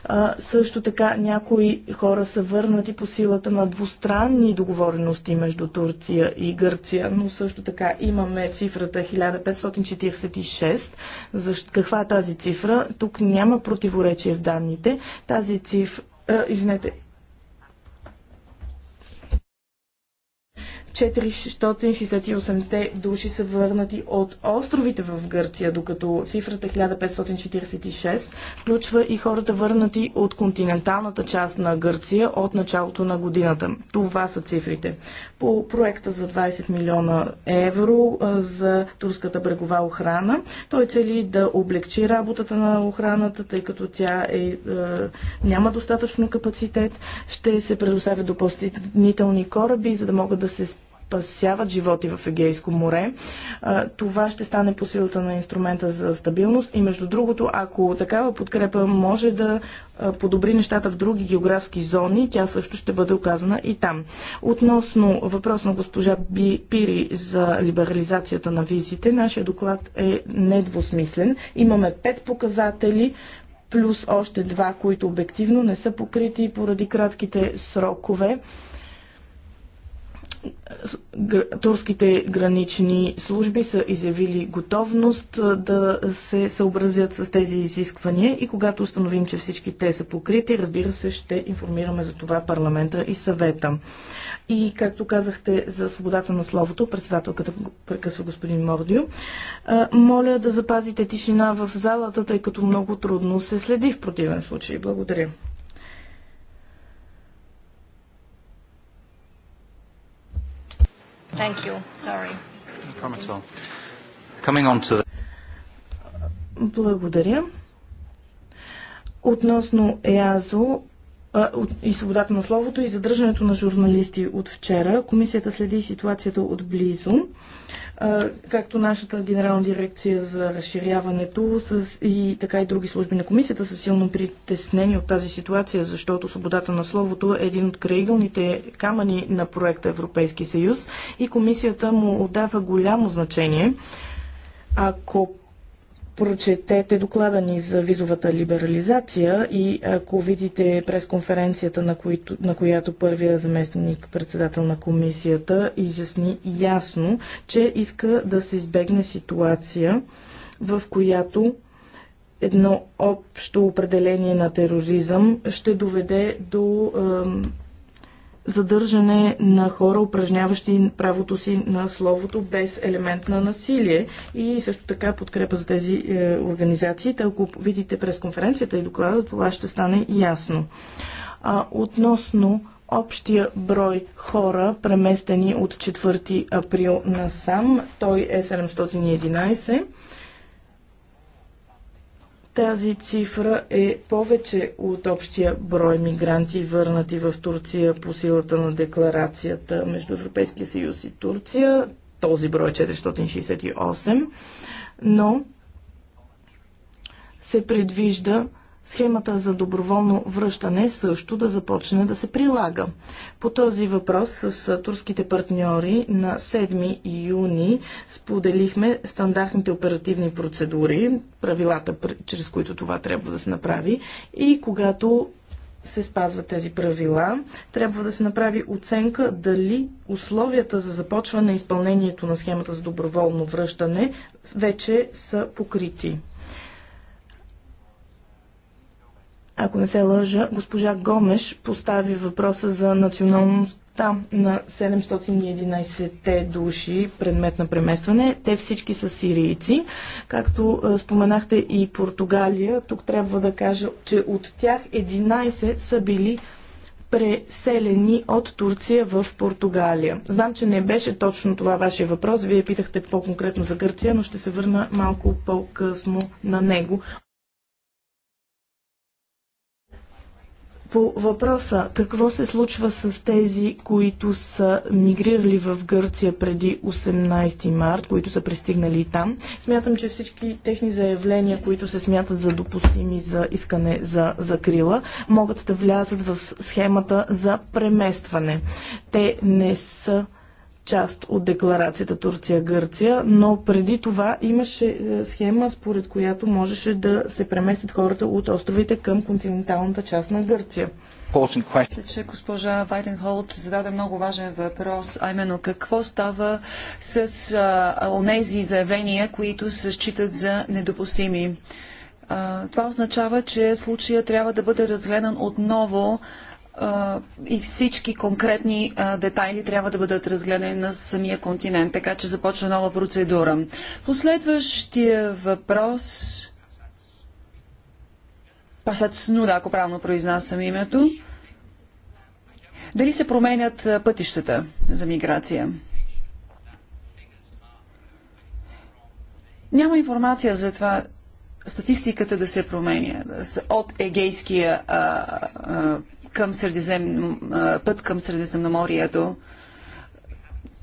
А, също така някои хора са върнати по силата на двустранни договорености между Турция и Гърция, но също така имаме цифрата 1546. Защо, каква е тази цифра? Тук няма противоречие в данните. Тази цифра, е, извинете, 468-те души са върнати от островите в Гърция, докато цифрата 1546 е включва и хората върнати от континенталната част на Гърция от началото на годината. Това са цифрите. По проекта за 20 милиона евро за турската брегова охрана, той цели да облегчи работата на охраната, тъй като тя е, е, няма достатъчно капацитет. Ще се предоставят допълнителни кораби, за да могат да се спасяват животи в Егейско море. Това ще стане по силата на инструмента за стабилност и между другото, ако такава подкрепа може да подобри нещата в други географски зони, тя също ще бъде оказана и там. Относно въпрос на госпожа Пири за либерализацията на визите, нашия доклад е недвусмислен. Имаме пет показатели, плюс още два, които обективно не са покрити поради кратките срокове турските гранични служби са изявили готовност да се съобразят с тези изисквания и когато установим, че всички те са покрити, разбира се, ще информираме за това парламента и съвета. И както казахте за свободата на словото, председателката прекъсва господин Мордио, моля да запазите тишина в залата, тъй като много трудно се следи в противен случай. Благодаря. Thank you. Sorry. Coming on to the... Благодаря. Относно ЕАЗО, и свободата на словото и задържането на журналисти от вчера. Комисията следи ситуацията отблизо, както нашата генерална дирекция за разширяването с, и така и други служби на комисията са силно притеснени от тази ситуация, защото свободата на словото е един от крайъгълните камъни на проекта Европейски съюз и комисията му отдава голямо значение. Ако прочетете доклада ни за визовата либерализация и ако видите пресконференцията, на, които, на която първия заместник председател на комисията изясни ясно, че иска да се избегне ситуация, в която едно общо определение на тероризъм ще доведе до задържане на хора, упражняващи правото си на словото без елемент на насилие и също така подкрепа за тези е, организации. ако видите през конференцията и доклада, това ще стане ясно. А, относно общия брой хора, преместени от 4 април насам, той е 711 тази цифра е повече от общия брой мигранти върнати в Турция по силата на декларацията между Европейския съюз и Турция. Този брой е 468, но се предвижда схемата за доброволно връщане също да започне да се прилага. По този въпрос с турските партньори на 7 юни споделихме стандартните оперативни процедури, правилата, чрез които това трябва да се направи и когато се спазват тези правила, трябва да се направи оценка дали условията за започване изпълнението на схемата за доброволно връщане вече са покрити. Ако не се лъжа, госпожа Гомеш постави въпроса за националност там на 711-те души, предмет на преместване. Те всички са сирийци. Както е, споменахте и Португалия, тук трябва да кажа, че от тях 11 са били преселени от Турция в Португалия. Знам, че не беше точно това вашия въпрос. Вие питахте по-конкретно за Гърция, но ще се върна малко по-късно на него. по въпроса какво се случва с тези, които са мигрирали в Гърция преди 18 март, които са пристигнали там. Смятам, че всички техни заявления, които се смятат за допустими за искане за закрила, могат да влязат в схемата за преместване. Те не са част от декларацията Турция-Гърция, но преди това имаше е, схема, според която можеше да се преместят хората от островите към континенталната част на Гърция. Мисля, че госпожа Вайденхолд зададе много важен въпрос, а именно какво става с а, онези заявления, които се считат за недопустими. А, това означава, че случая трябва да бъде разгледан отново и всички конкретни детайли трябва да бъдат разгледани на самия континент, така че започва нова процедура. Последващия въпрос... Пасат Снуда, ако правилно произнасям името. Дали се променят пътищата за миграция? Няма информация за това статистиката да се променя от Егейския а, а, към, средизем, път към Средиземноморието.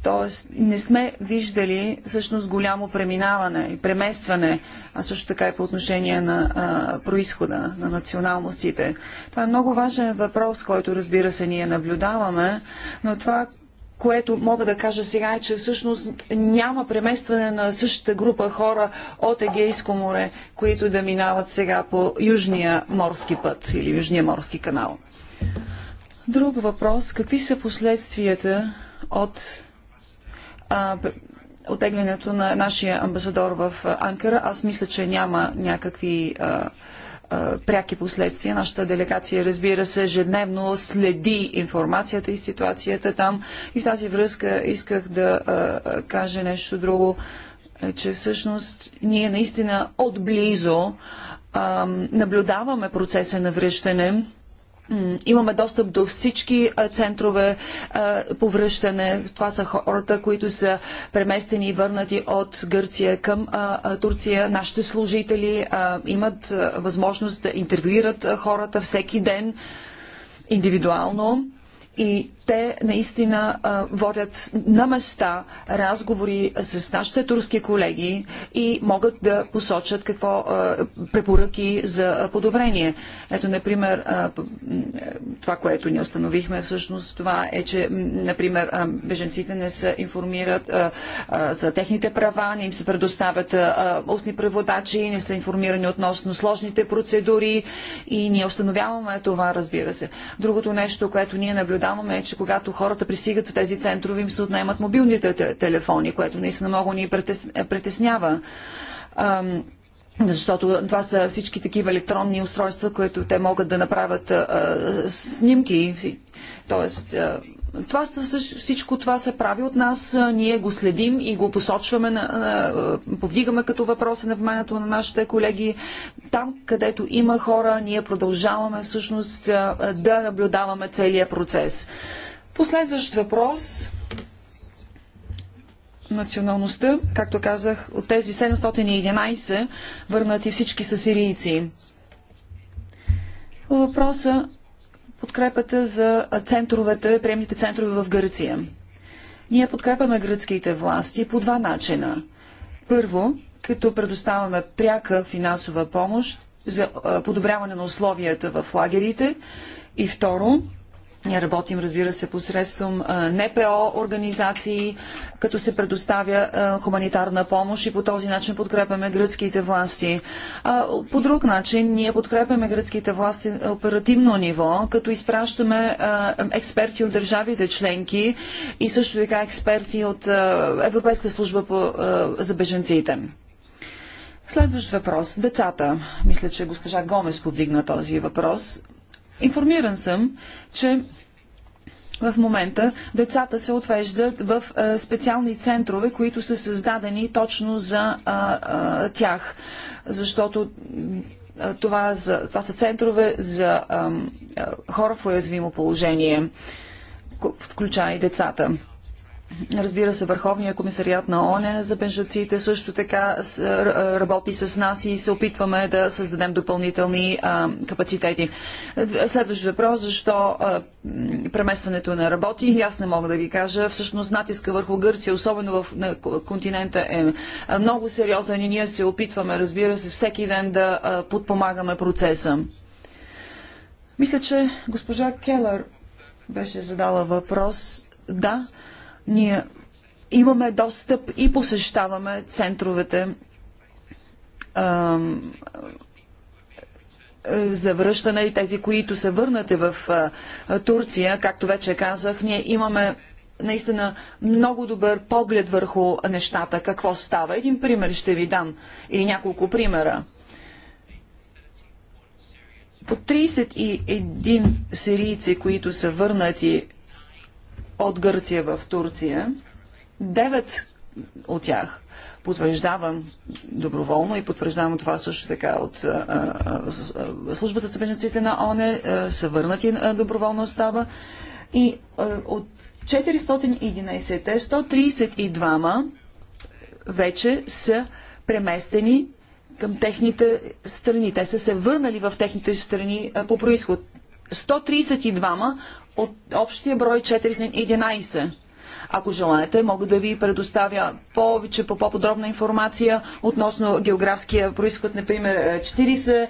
Тоест не сме виждали всъщност голямо преминаване и преместване, а също така и по отношение на а, происхода на националностите. Това е много важен въпрос, който разбира се ние наблюдаваме, но това, което мога да кажа сега е, че всъщност няма преместване на същата група хора от Егейско море, които да минават сега по Южния морски път или Южния морски канал. Друг въпрос. Какви са последствията от а, отеглянето на нашия амбасадор в Анкара? Аз мисля, че няма някакви а, а, пряки последствия. Нашата делегация, разбира се, ежедневно следи информацията и ситуацията там. И в тази връзка исках да а, кажа нещо друго, е, че всъщност ние наистина отблизо а, наблюдаваме процеса на връщане имаме достъп до всички центрове по връщане. Това са хората, които са преместени и върнати от Гърция към Турция. Нашите служители имат възможност да интервюират хората всеки ден индивидуално и те наистина водят на места разговори с нашите турски колеги и могат да посочат какво препоръки за подобрение. Ето, например, това, което ни установихме всъщност, това е, че, например, беженците не се информират за техните права, не им се предоставят устни преводачи, не са информирани относно сложните процедури и ние установяваме това, разбира се. Другото нещо, което ние наблюдаваме е, че когато хората пристигат в тези центрове, им се отнемат мобилните телефони, което наистина много ни притеснява защото това са всички такива електронни устройства, които те могат да направят а, снимки. Тоест, а, това всичко това се прави от нас, а, ние го следим и го посочваме, на, а, повдигаме като въпроса на вниманието на нашите колеги. Там, където има хора, ние продължаваме всъщност а, да наблюдаваме целият процес. Последващ въпрос националността, както казах, от тези 711 върнати всички са сирийци. Въпроса подкрепата за центровете, приемните центрове в Гърция. Ние подкрепяме гръцките власти по два начина. Първо, като предоставяме пряка финансова помощ за подобряване на условията в лагерите. И второ, ние работим, разбира се, посредством НПО организации, като се предоставя хуманитарна помощ и по този начин подкрепяме гръцките власти. По друг начин, ние подкрепяме гръцките власти на оперативно ниво, като изпращаме експерти от държавите членки и също така експерти от Европейска служба за беженците. Следващ въпрос. Децата. Мисля, че госпожа Гомес повдигна този въпрос. Информиран съм, че в момента децата се отвеждат в специални центрове, които са създадени точно за а, а, тях, защото това, за, това са центрове за хора в уязвимо положение, включая и децата. Разбира се, Върховния комисариат на ОНЕ за бежанците също така е, е, работи с нас и се опитваме да създадем допълнителни е, капацитети. Следващ въпрос, защо преместването не работи, аз не мога да ви кажа. Всъщност натиска върху Гърция, особено в континента е много сериозен и ние се опитваме, разбира се, всеки ден да подпомагаме процеса. Мисля, че госпожа Келър беше задала въпрос. Да, ние имаме достъп и посещаваме центровете е, за връщане и тези, които са върнати в е, е, Турция. Както вече казах, ние имаме наистина много добър поглед върху нещата, какво става. Един пример ще ви дам, или няколко примера. По 31 сирийци, които са върнати от Гърция в Турция. Девет от тях потвърждавам доброволно и потвърждавам това също така от а, а, службата за бежанците на ОНЕ, а, са върнати доброволно става. И от 411-те, 132-ма вече са преместени към техните страни. Те са се върнали в техните страни по происход. 132-ма от общия брой 411. Ако желаете, мога да ви предоставя повече по по-подробна информация относно географския происход, например 40 е,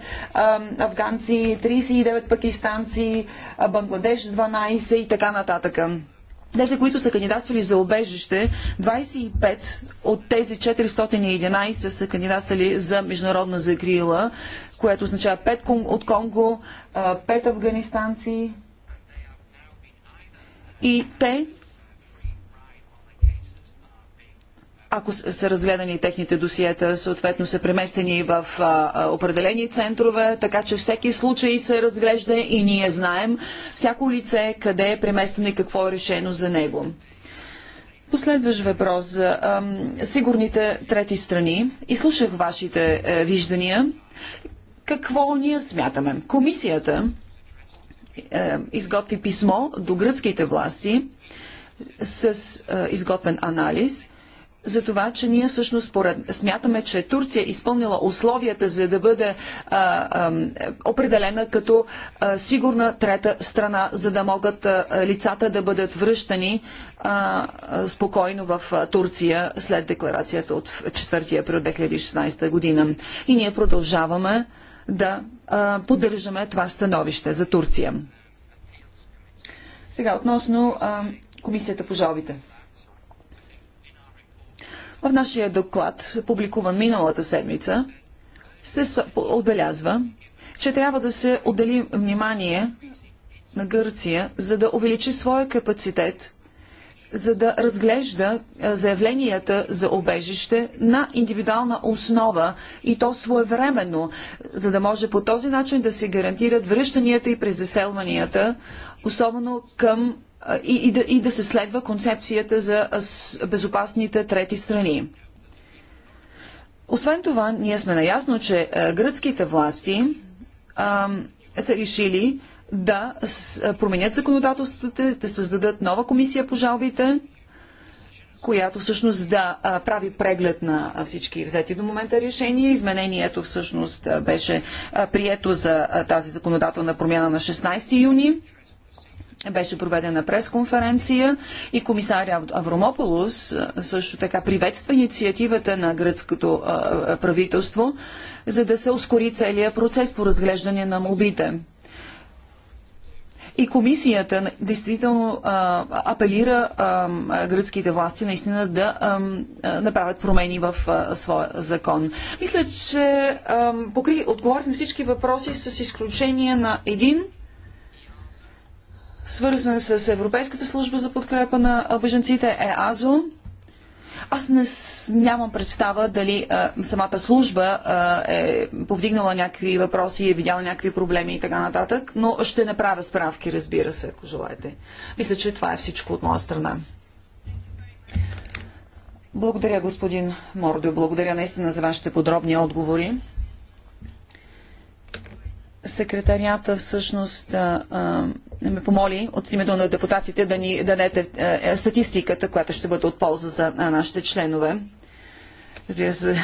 афганци, 39 пакистанци, Бангладеш 12 и така нататък. Тези, които са кандидатствали за обежище, 25 от тези 411 са кандидатствали за международна закрила, което означава 5 от Конго, 5 афганистанци, и те, ако са разгледани техните досиета, съответно са преместени в а, определени центрове, така че всеки случай се разглежда и ние знаем всяко лице къде е преместено и какво е решено за него. Последващ въпрос за ам, сигурните трети страни. Изслушах вашите е, виждания. Какво ние смятаме? Комисията е, изготви писмо до гръцките власти с е, изготвен анализ за това, че ние всъщност според, смятаме, че Турция изпълнила условията за да бъде а, е, а, определена като а, сигурна трета страна, за да могат а, лицата да бъдат връщани а, а, спокойно в а, Турция след декларацията от 4 април 2016 година. И ние продължаваме да поддържаме това становище за Турция. Сега относно а, Комисията по жалбите. В нашия доклад, публикуван миналата седмица, се отбелязва, че трябва да се отдели внимание на Гърция, за да увеличи своя капацитет за да разглежда е, заявленията за обежище на индивидуална основа и то своевременно, за да може по този начин да се гарантират връщанията и презаселванията, особено към е, и, и, да, и да се следва концепцията за е, безопасните трети страни. Освен това, ние сме наясно, че гръцките власти а, са решили да променят законодателствата, да създадат нова комисия по жалбите, която всъщност да прави преглед на всички взети до момента решения. Изменението всъщност беше прието за тази законодателна промяна на 16 юни. Беше проведена пресконференция и комисаря Авромополос също така приветства инициативата на гръцкото правителство, за да се ускори целият процес по разглеждане на мобите. И комисията действително а, апелира а, гръцките власти наистина да а, направят промени в а, своя закон. Мисля, че покри, отговорих на всички въпроси с изключение на един свързан с Европейската служба за подкрепа на беженците ЕАЗО. Аз не, нямам представа дали а, самата служба а, е повдигнала някакви въпроси, е видяла някакви проблеми и така нататък, но ще направя справки, разбира се, ако желаете. Мисля, че това е всичко от моя страна. Благодаря, господин Мордо. Благодаря наистина за вашите подробни отговори секретарията всъщност а, а, ме помоли от името на депутатите да ни дадете а, е, статистиката, която ще бъде от полза за нашите членове. Разбира се,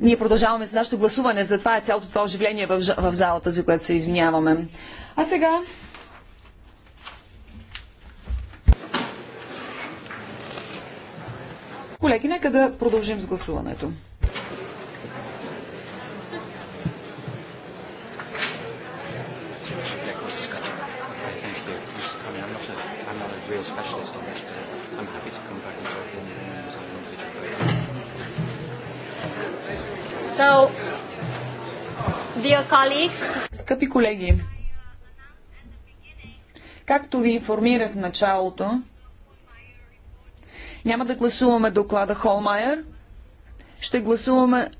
ние продължаваме с нашето гласуване, затова е цялото това оживление в, в залата, за което се извиняваме. А сега Колеги, нека да продължим с гласуването. So, dear colleagues, Скъпи колеги, както ви информирах в началото, няма да гласуваме доклада Холмайер. Ще гласуваме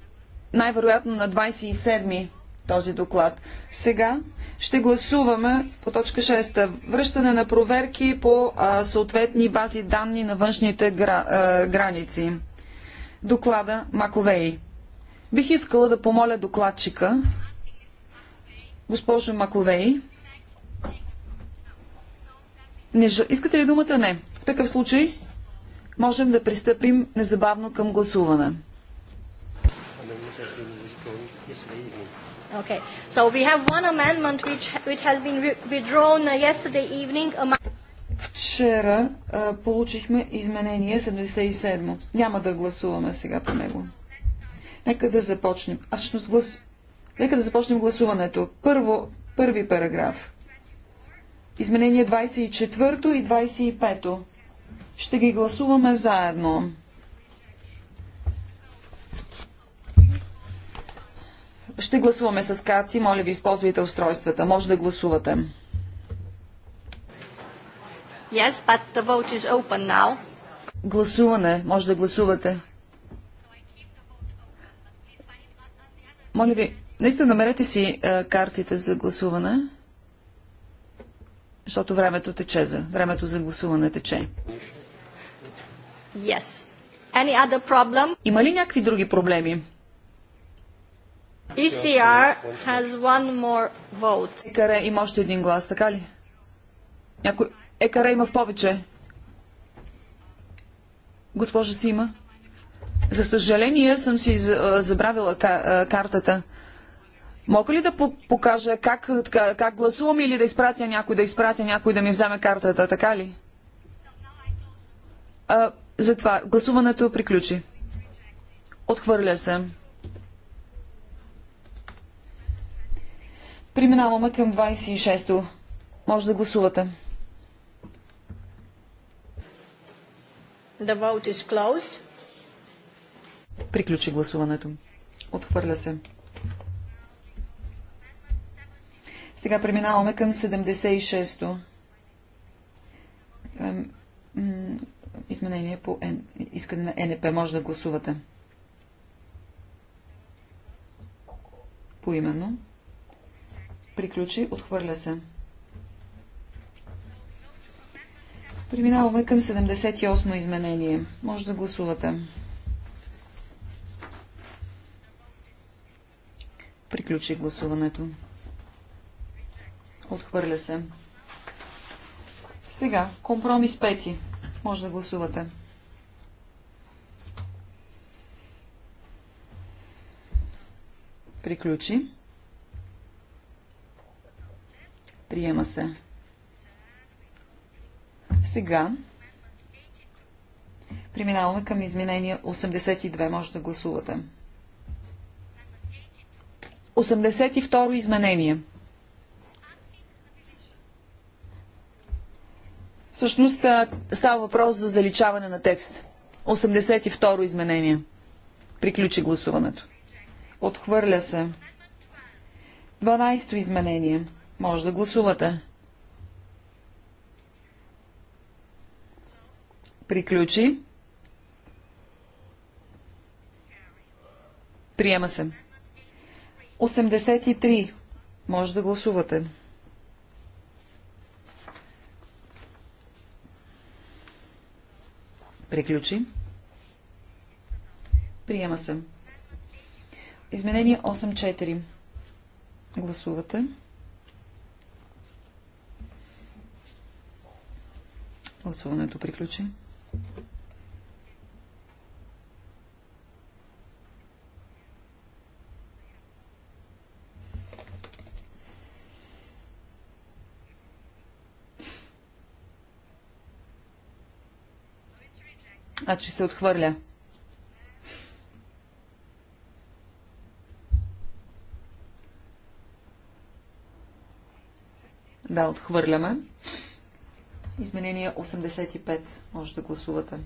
най-вероятно на 27-ми този доклад. Сега ще гласуваме по точка 6. Връщане на проверки по а, съответни бази данни на външните гра, а, граници. Доклада Маковей. Бих искала да помоля докладчика, госпожо Маковей. Не, искате ли думата? Не. В такъв случай можем да пристъпим незабавно към гласуване. Okay. So we have one amendment which, which has been withdrawn uh, yesterday evening. Вчера а, получихме изменение 77. Няма да гласуваме сега по него. Нека да започнем. Аз всъщност глас... Нека да започнем гласуването. Първо, първи параграф. Изменение 24 и 25. Ще ги гласуваме заедно. Ще гласуваме с карти. Моля ви, използвайте устройствата. Може да гласувате. Yes, but the vote is open now. Гласуване. Може да гласувате. Моля ви, наистина намерете си е, картите за гласуване, защото времето тече за. Времето за гласуване тече. Yes. Any other problem? Има ли някакви други проблеми? ECR has one more vote. Екаре има още един глас, така ли? Някой... Екаре има в повече. Госпожа Сима. За съжаление съм си забравила картата. Мога ли да покажа как, как гласувам или да изпратя някой, да изпратя някой да ми вземе картата, така ли? А, затова гласуването приключи. Отхвърля се. Преминаваме към 26-то. Може да гласувате. The vote is closed. Приключи гласуването. Отхвърля се. Сега преминаваме към 76-то. Изменение по Н... искане на НП. Може да гласувате. Поименно. Приключи. Отхвърля се. Преминаваме към 78-о изменение. Може да гласувате. Приключи гласуването. Отхвърля се. Сега, компромис пети. Може да гласувате. Приключи. Приема се. Сега преминаваме към изменение 82. Може да гласувате. 82 изменение. Всъщност става въпрос за заличаване на текст. 82 изменение. Приключи гласуването. Отхвърля се. 12 изменение. Може да гласувате. Приключи. Приема се. 83. Може да гласувате. Приключи. Приема се. Изменение 8.4. Гласувате. Гласуването приключи. Значи се отхвърля. Да, отхвърляме. Изменение 85. Може да гласувате.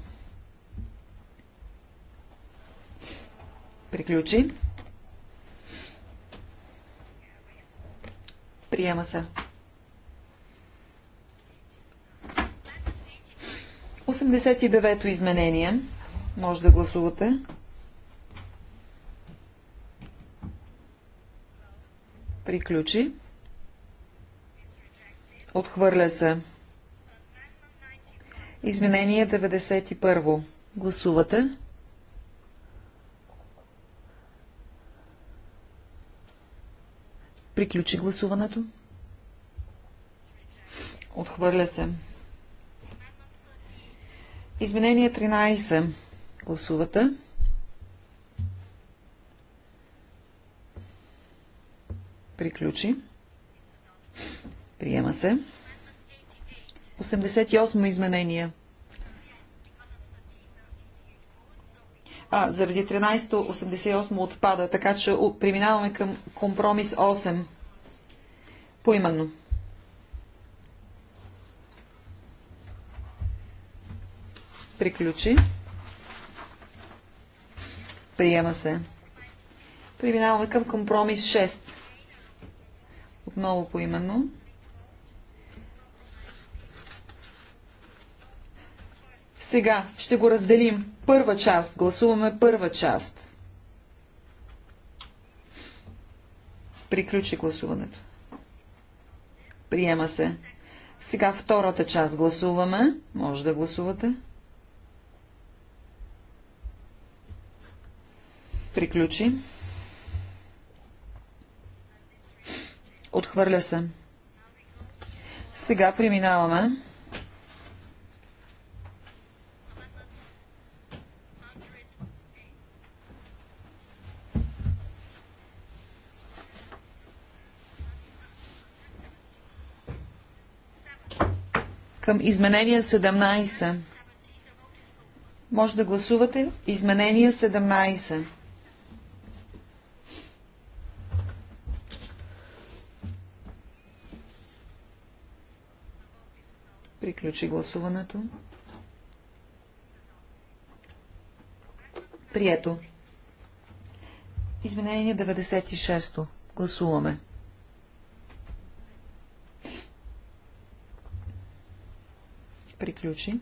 Приключи. Приема се. 89-то изменение. Може да гласувате. Приключи. Отхвърля се. Изменение 91. во Гласувате. Приключи гласуването. Отхвърля се. Изменение 13. Гласувате. Приключи. Приема се. 88 изменения. А, заради 13-то 88 отпада, така че преминаваме към компромис 8. Поименно. приключи. Приема се. Преминаваме към компромис 6. Отново поименно. Сега ще го разделим. Първа част. Гласуваме първа част. Приключи гласуването. Приема се. Сега втората част гласуваме. Може да гласувате. приключи. Отхвърля се. Сега преминаваме към изменение 17. Може да гласувате изменение 17. Приключи гласуването. Прието. Изменение 96-то. Гласуваме. Приключи.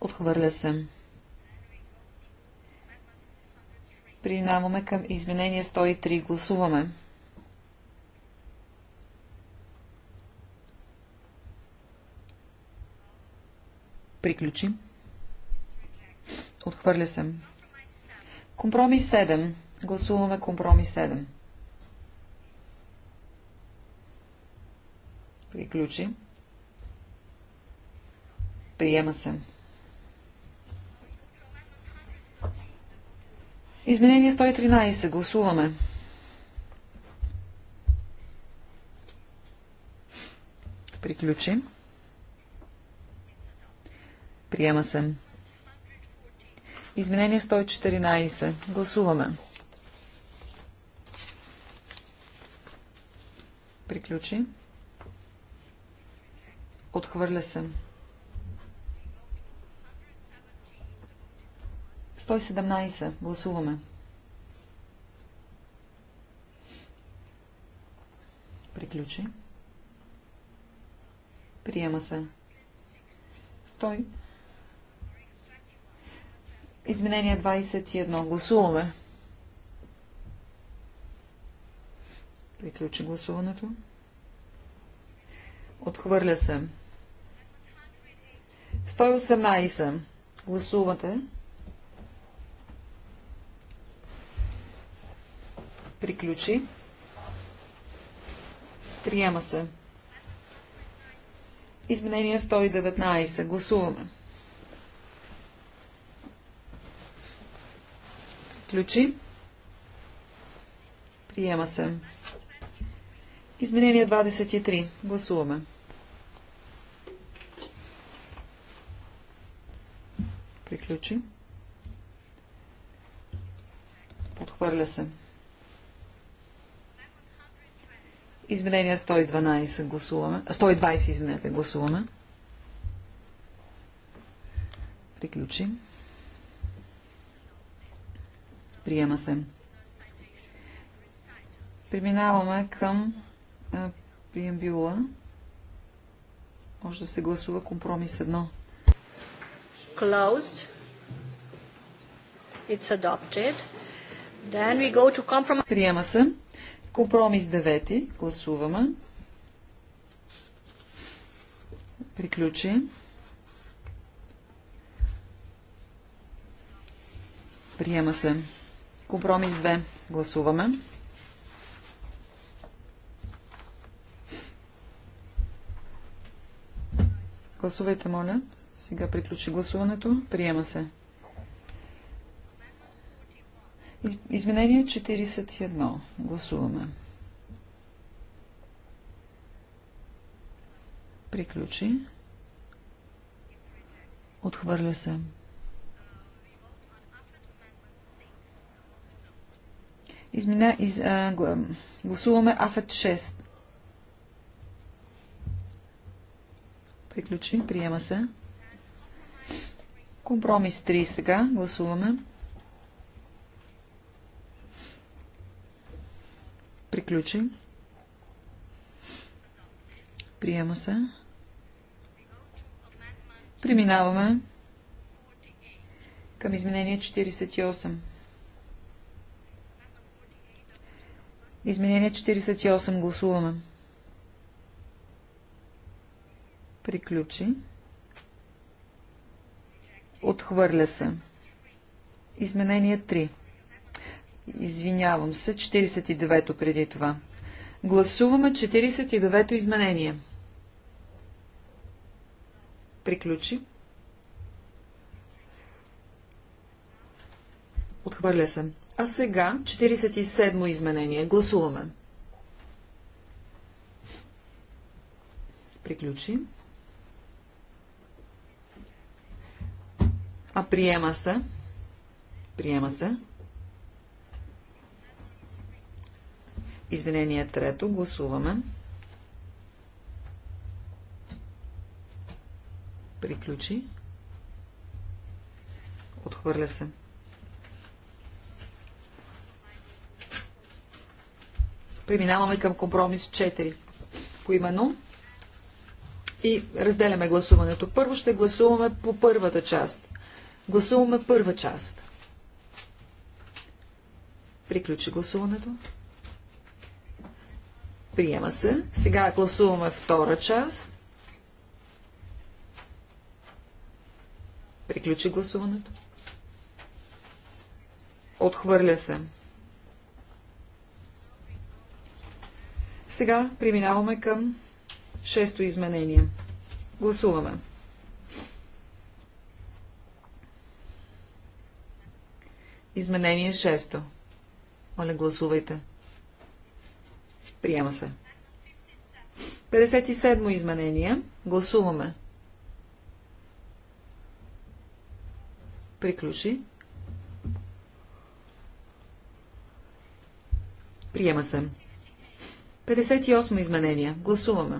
Отхвърля се. Принаваме към изменение 103. Гласуваме. приключи. Отхвърля се. Компромис 7. Гласуваме компромис 7. Приключи. Приема се. Изменение 113. Гласуваме. Приключи. Приема се. Изменение 114. Гласуваме. Приключи. Отхвърля се. 117. Гласуваме. Приключи. Приема се. 100. Изменение 21. Гласуваме. Приключи гласуването. Отхвърля се. 118. Гласувате. Приключи. Приема се. Изменение 119. Гласуваме. Приключи. Приема се. Изменение 23. Гласуваме. Приключи. Подхвърля се. Изменение 112 гласуваме. 120, извинете, гласуваме. Приключим. Приема се. Преминаваме към а, преамбюла. Може да се гласува компромис едно. Closed. It's adopted. Then we go to compromise. Приема се. Компромис 9. Гласуваме. Приключи. Приема се. Компромис 2. Гласуваме. Гласувайте, моля. Сега приключи гласуването. Приема се. Изменение 41. Гласуваме. Приключи. Отхвърля се. Измина, из, а, гласуваме АФЕТ 6. Приключи, приема се. Компромис 3 сега, гласуваме. Приключи. Приема се. Преминаваме към изменение 48. Изменение 48 гласуваме. Приключи. Отхвърля се. Изменение 3. Извинявам се, 49-то преди това. Гласуваме 49-то изменение. Приключи. Отхвърля се. А сега 47-мо изменение. Гласуваме. Приключи. А приема се. Приема се. Изменение трето. Гласуваме. Приключи. Отхвърля се. Преминаваме към компромис 4. именно И разделяме гласуването. Първо ще гласуваме по първата част. Гласуваме първа част. Приключи гласуването. Приема се. Сега гласуваме втора част. Приключи гласуването. Отхвърля се. Сега преминаваме към шесто изменение. Гласуваме. Изменение 6. Моля, гласувайте. Приема се. 57 изменение. Гласуваме. Приключи. Приема се. 58 изменения. Гласуваме.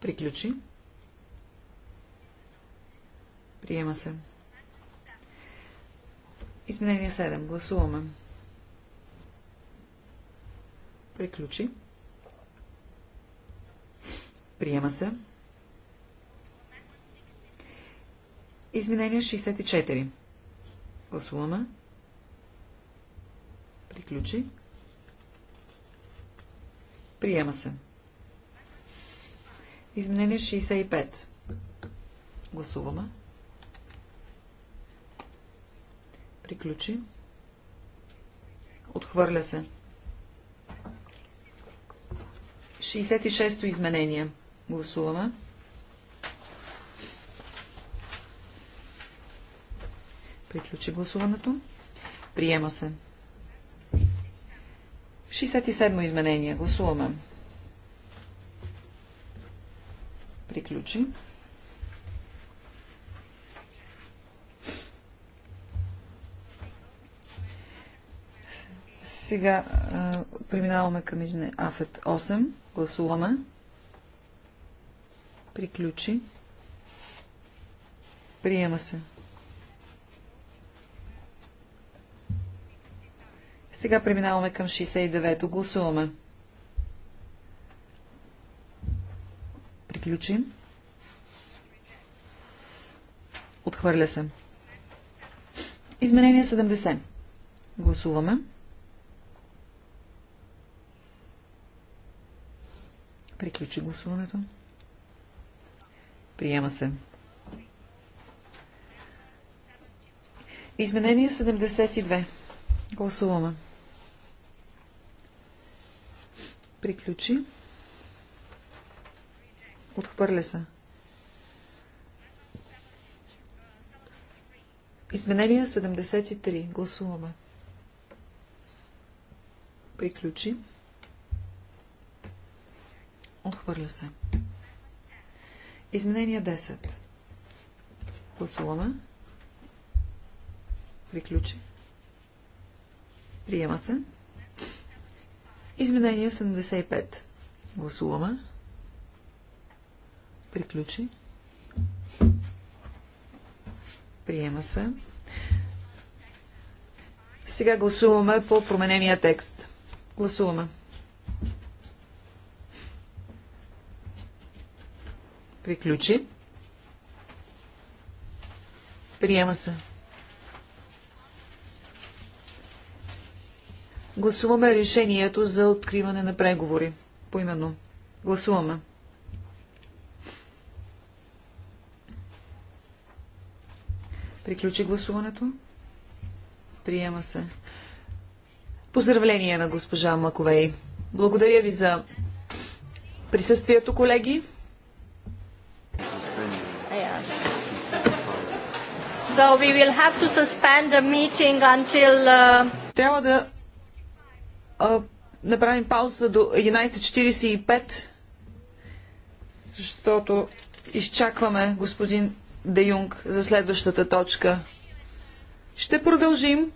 Приключи. Приема се. Изменение 7. Гласуваме. Приключи. Приема се. Изменение 64. Гласуваме приключи. Приема се. Изменение 65. Гласуваме. Приключи. Отхвърля се. 66-то изменение. Гласуваме. Приключи гласуването. Приема се. 67 изменение. Гласуваме. Приключи. Сега а, преминаваме към измене АФЕТ 8. Гласуваме. Приключи. Приема се. Сега преминаваме към 69-то. Гласуваме. Приключим. Отхвърля се. Изменение 70. Гласуваме. Приключи гласуването. Приема се. Изменение 72. Гласуваме. приключи. Отхвърля се. Изменение 73. Гласуваме. Приключи. Отхвърля се. Изменение 10. Гласуваме. Приключи. Приема се. Изменение 75. Гласуваме. Приключи. Приема се. Сега гласуваме по променения текст. Гласуваме. Приключи. Приема се. Гласуваме решението за откриване на преговори. Поименно. Гласуваме. Приключи гласуването. Приема се. Поздравление на госпожа Маковей. Благодаря ви за присъствието, колеги. So until... Uh, Трябва да направим пауза до 11.45, защото изчакваме господин Де Юнг за следващата точка. Ще продължим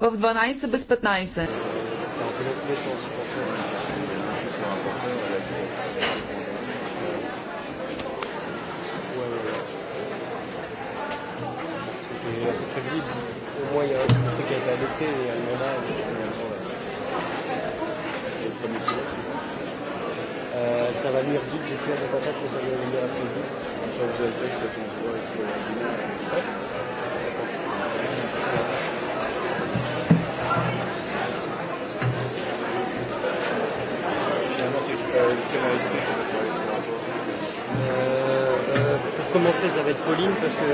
в 12 без 15. à lire la que ça vient de vous le qu'on Pour commencer, ça va être Pauline parce que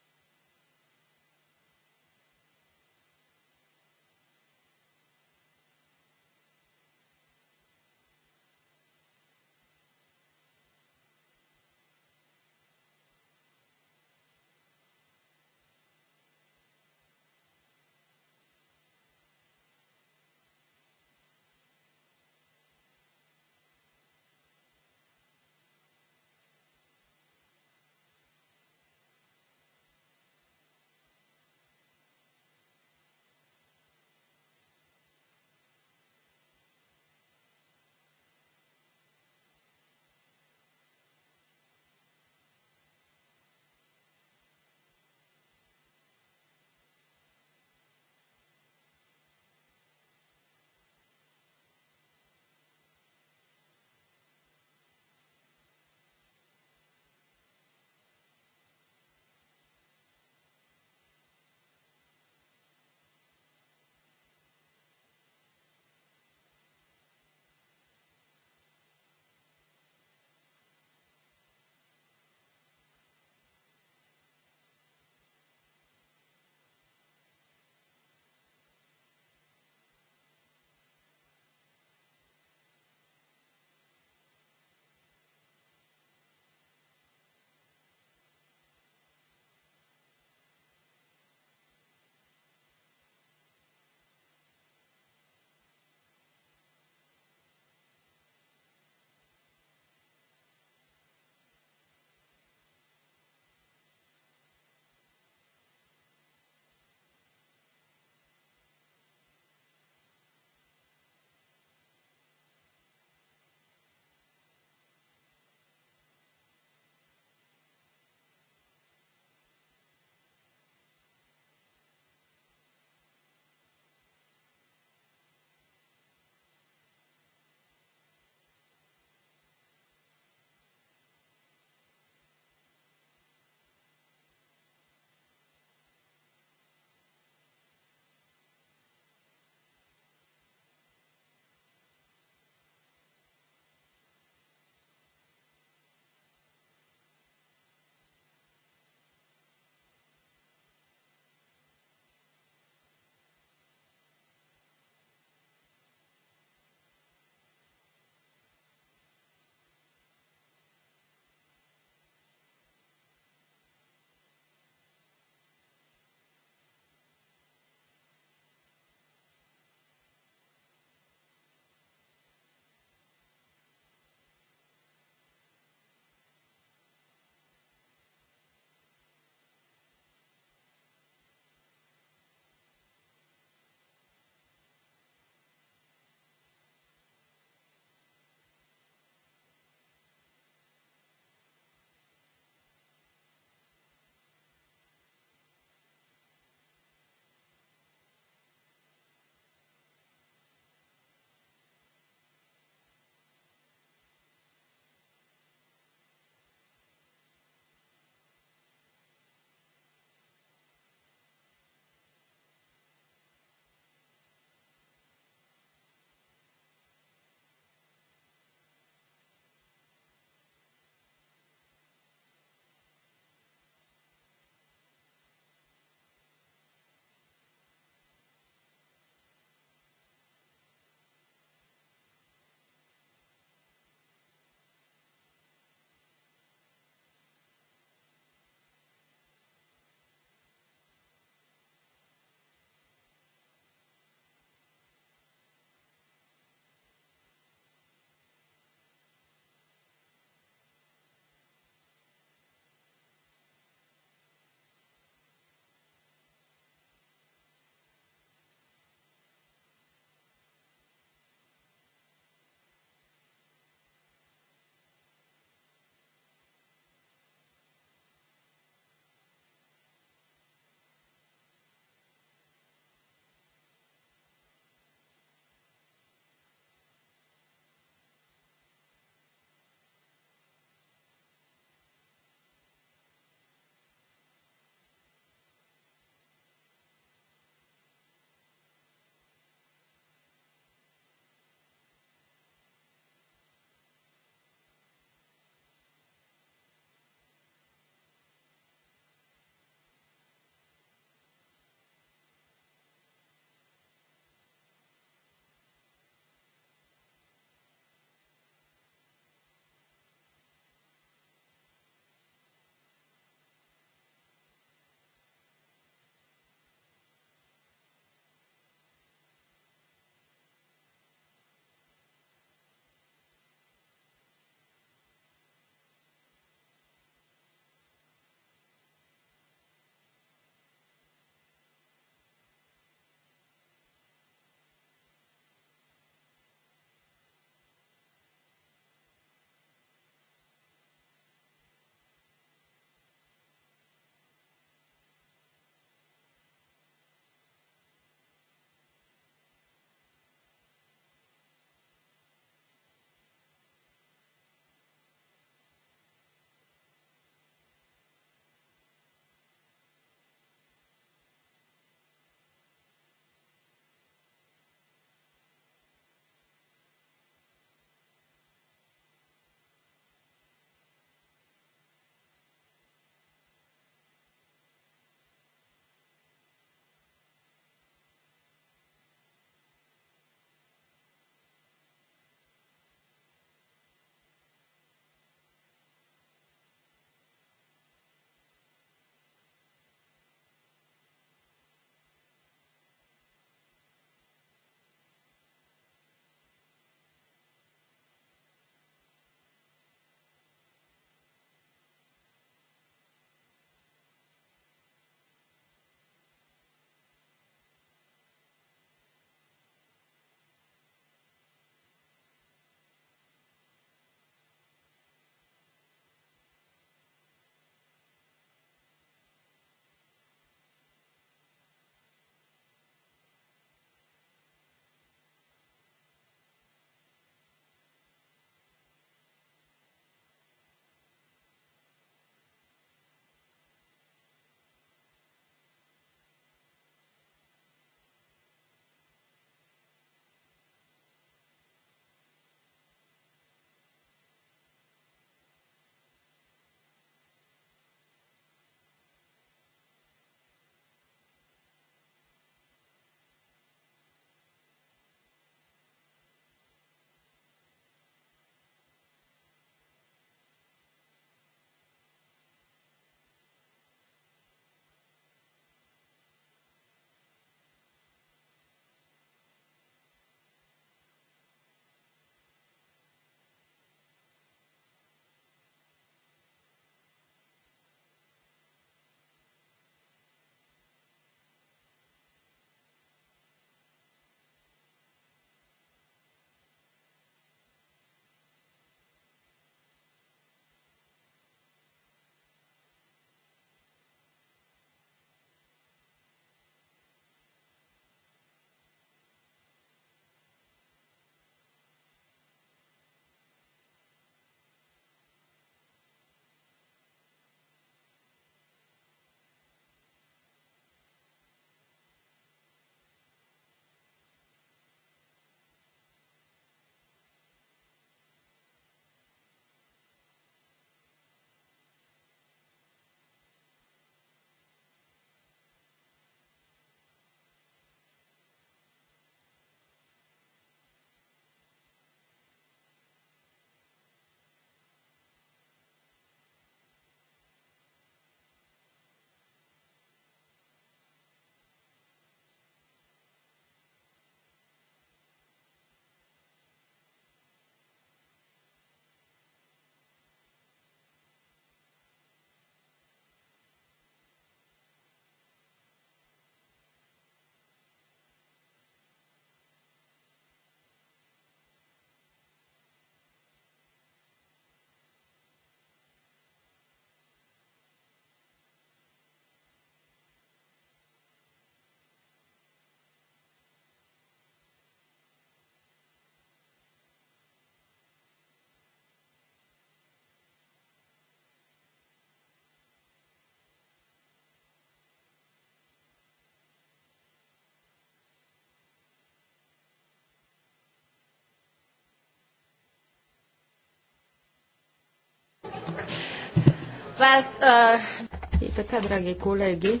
И така, драги колеги,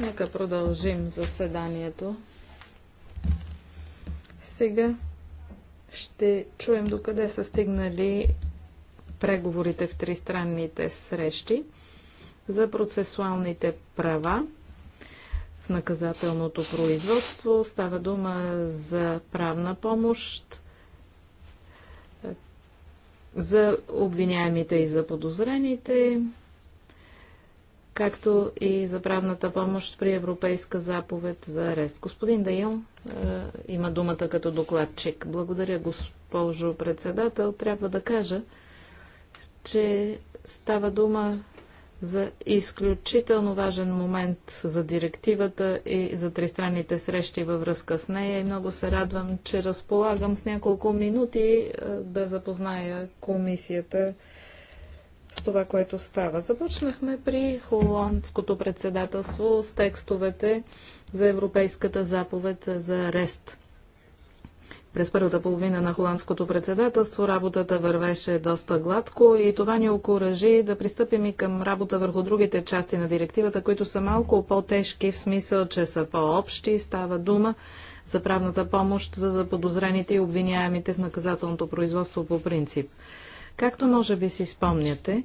нека продължим заседанието. Сега ще чуем докъде са стигнали преговорите в тристранните срещи за процесуалните права в наказателното производство. Става дума за правна помощ, за обвиняемите и за подозрените, както и за правната помощ при Европейска заповед за арест. Господин Даил е, има думата като докладчик. Благодаря, госпожо председател. Трябва да кажа, че става дума за изключително важен момент за директивата и за тристранните срещи във връзка с нея и много се радвам, че разполагам с няколко минути е, да запозная комисията с това, което става. Започнахме при холандското председателство с текстовете за Европейската заповед за арест. През първата половина на холандското председателство работата вървеше доста гладко и това ни окоръжи да пристъпим и към работа върху другите части на директивата, които са малко по-тежки в смисъл, че са по-общи. Става дума за правната помощ за заподозрените и обвиняемите в наказателното производство по принцип. Както може би си спомняте,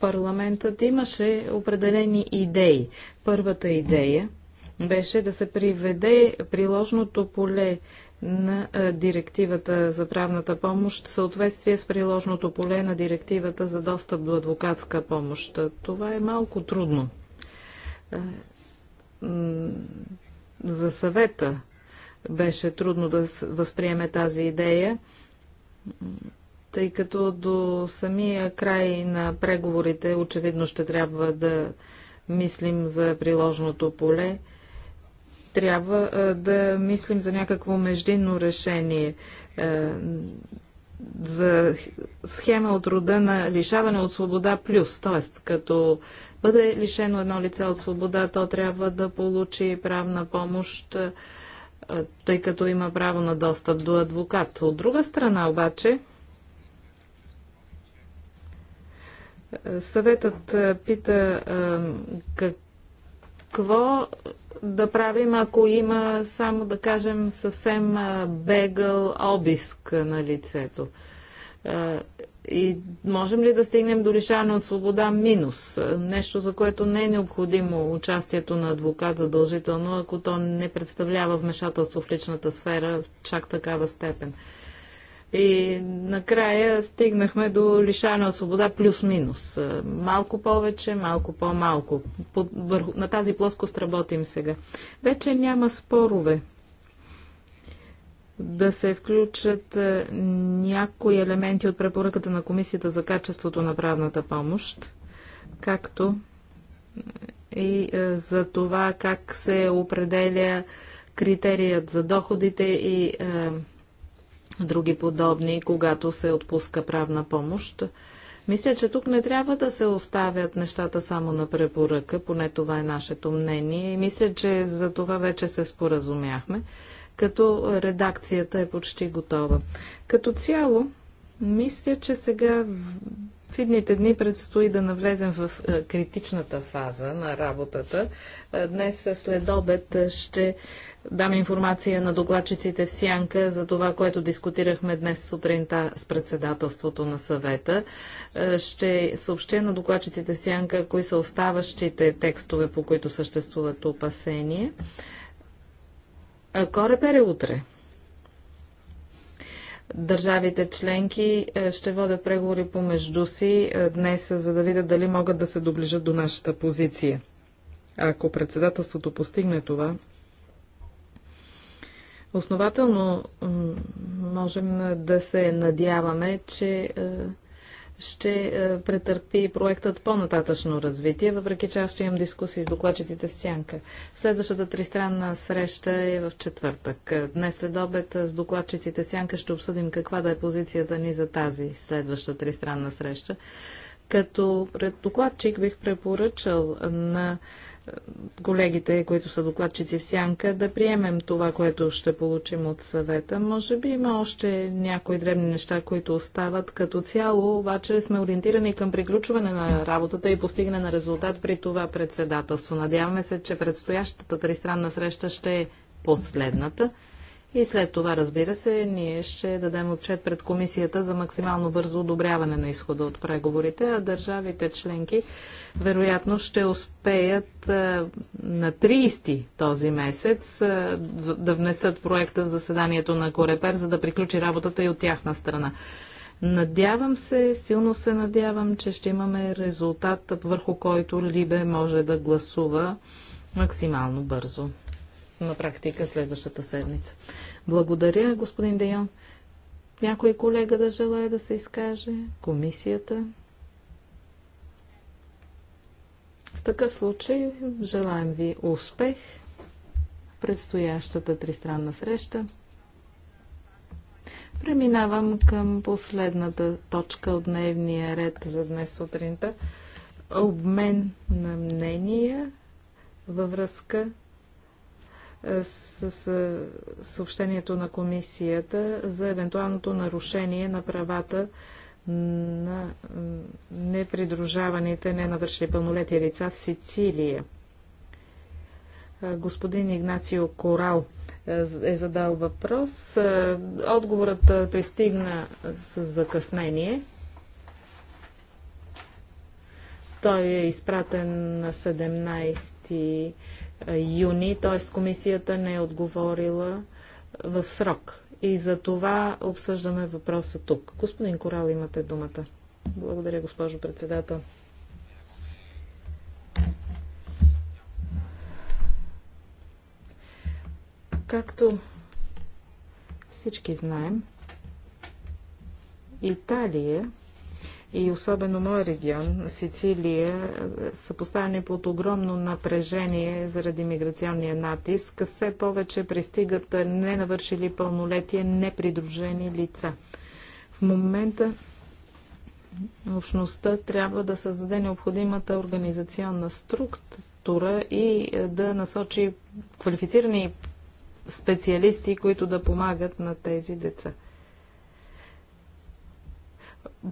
парламентът имаше определени идеи. Първата идея беше да се приведе приложното поле на директивата за правната помощ в съответствие с приложното поле на директивата за достъп до адвокатска помощ. Това е малко трудно. За съвета беше трудно да възприеме тази идея тъй като до самия край на преговорите очевидно ще трябва да мислим за приложното поле. Трябва е, да мислим за някакво междинно решение е, за схема от рода на лишаване от свобода плюс, т.е. като бъде лишено едно лице от свобода, то трябва да получи правна помощ, е, тъй като има право на достъп до адвокат. От друга страна обаче, Съветът пита какво да правим, ако има, само да кажем, съвсем бегъл обиск на лицето. И можем ли да стигнем до лишаване от свобода минус? Нещо, за което не е необходимо участието на адвокат задължително, ако то не представлява вмешателство в личната сфера в чак такава степен. И накрая стигнахме до лишаване от свобода плюс-минус. Е, малко повече, малко по-малко. на тази плоскост работим сега. Вече няма спорове да се включат е, някои елементи от препоръката на Комисията за качеството на правната помощ, както и е, за това как се определя критерият за доходите и други подобни, когато се отпуска правна помощ. Мисля, че тук не трябва да се оставят нещата само на препоръка, поне това е нашето мнение. И мисля, че за това вече се споразумяхме, като редакцията е почти готова. Като цяло, мисля, че сега в идните дни предстои да навлезем в е, критичната фаза на работата. Е, днес след обед ще дам информация на докладчиците в Сянка за това, което дискутирахме днес сутринта с председателството на съвета. Е, ще съобщя на докладчиците в Сянка кои са оставащите текстове, по които съществуват опасение. Корепер е утре. Държавите членки е, ще водят преговори помежду си е, днес, за да видят дали могат да се доближат до нашата позиция. Ако председателството постигне това, Основателно можем да се надяваме, че е, ще е, претърпи проектът по-нататъчно развитие, въпреки че аз ще имам дискусии с докладчиците в Сянка. Следващата тристранна среща е в четвъртък. Днес след обед с докладчиците в Сянка ще обсъдим каква да е позицията ни за тази следваща тристранна среща. Като пред докладчик бих препоръчал на колегите, които са докладчици в сянка, да приемем това, което ще получим от съвета. Може би има още някои дребни неща, които остават. Като цяло, обаче сме ориентирани към приключване на работата и постигане на резултат при това председателство. Надяваме се, че предстоящата тристранна среща ще е последната. И след това, разбира се, ние ще дадем отчет пред комисията за максимално бързо одобряване на изхода от преговорите, а държавите членки вероятно ще успеят на 30 този месец да внесат проекта в заседанието на Корепер, за да приключи работата и от тяхна страна. Надявам се, силно се надявам, че ще имаме резултат, върху който Либе може да гласува максимално бързо на практика следващата седмица. Благодаря, господин Дейон. Някой колега да желая да се изкаже? Комисията? В такъв случай желаем ви успех в предстоящата тристранна среща. Преминавам към последната точка от дневния ред за днес сутринта. Обмен на мнения във връзка е, с е, е, съобщението на комисията за евентуалното нарушение на правата на непридружаваните ненавършили пълнолетия лица в Сицилия. Господин Игнацио Корал е задал въпрос. Отговорът пристигна с закъснение. Той е изпратен на 17 юни, т.е. комисията не е отговорила в срок. И за това обсъждаме въпроса тук. Господин Корал, имате думата. Благодаря, госпожо председател. Както всички знаем, Италия и особено мой регион, Сицилия, са поставени под огромно напрежение заради миграционния натиск. Все повече пристигат ненавършили пълнолетие непридружени лица. В момента общността трябва да създаде необходимата организационна структура и е, да насочи квалифицирани специалисти, които да помагат на тези деца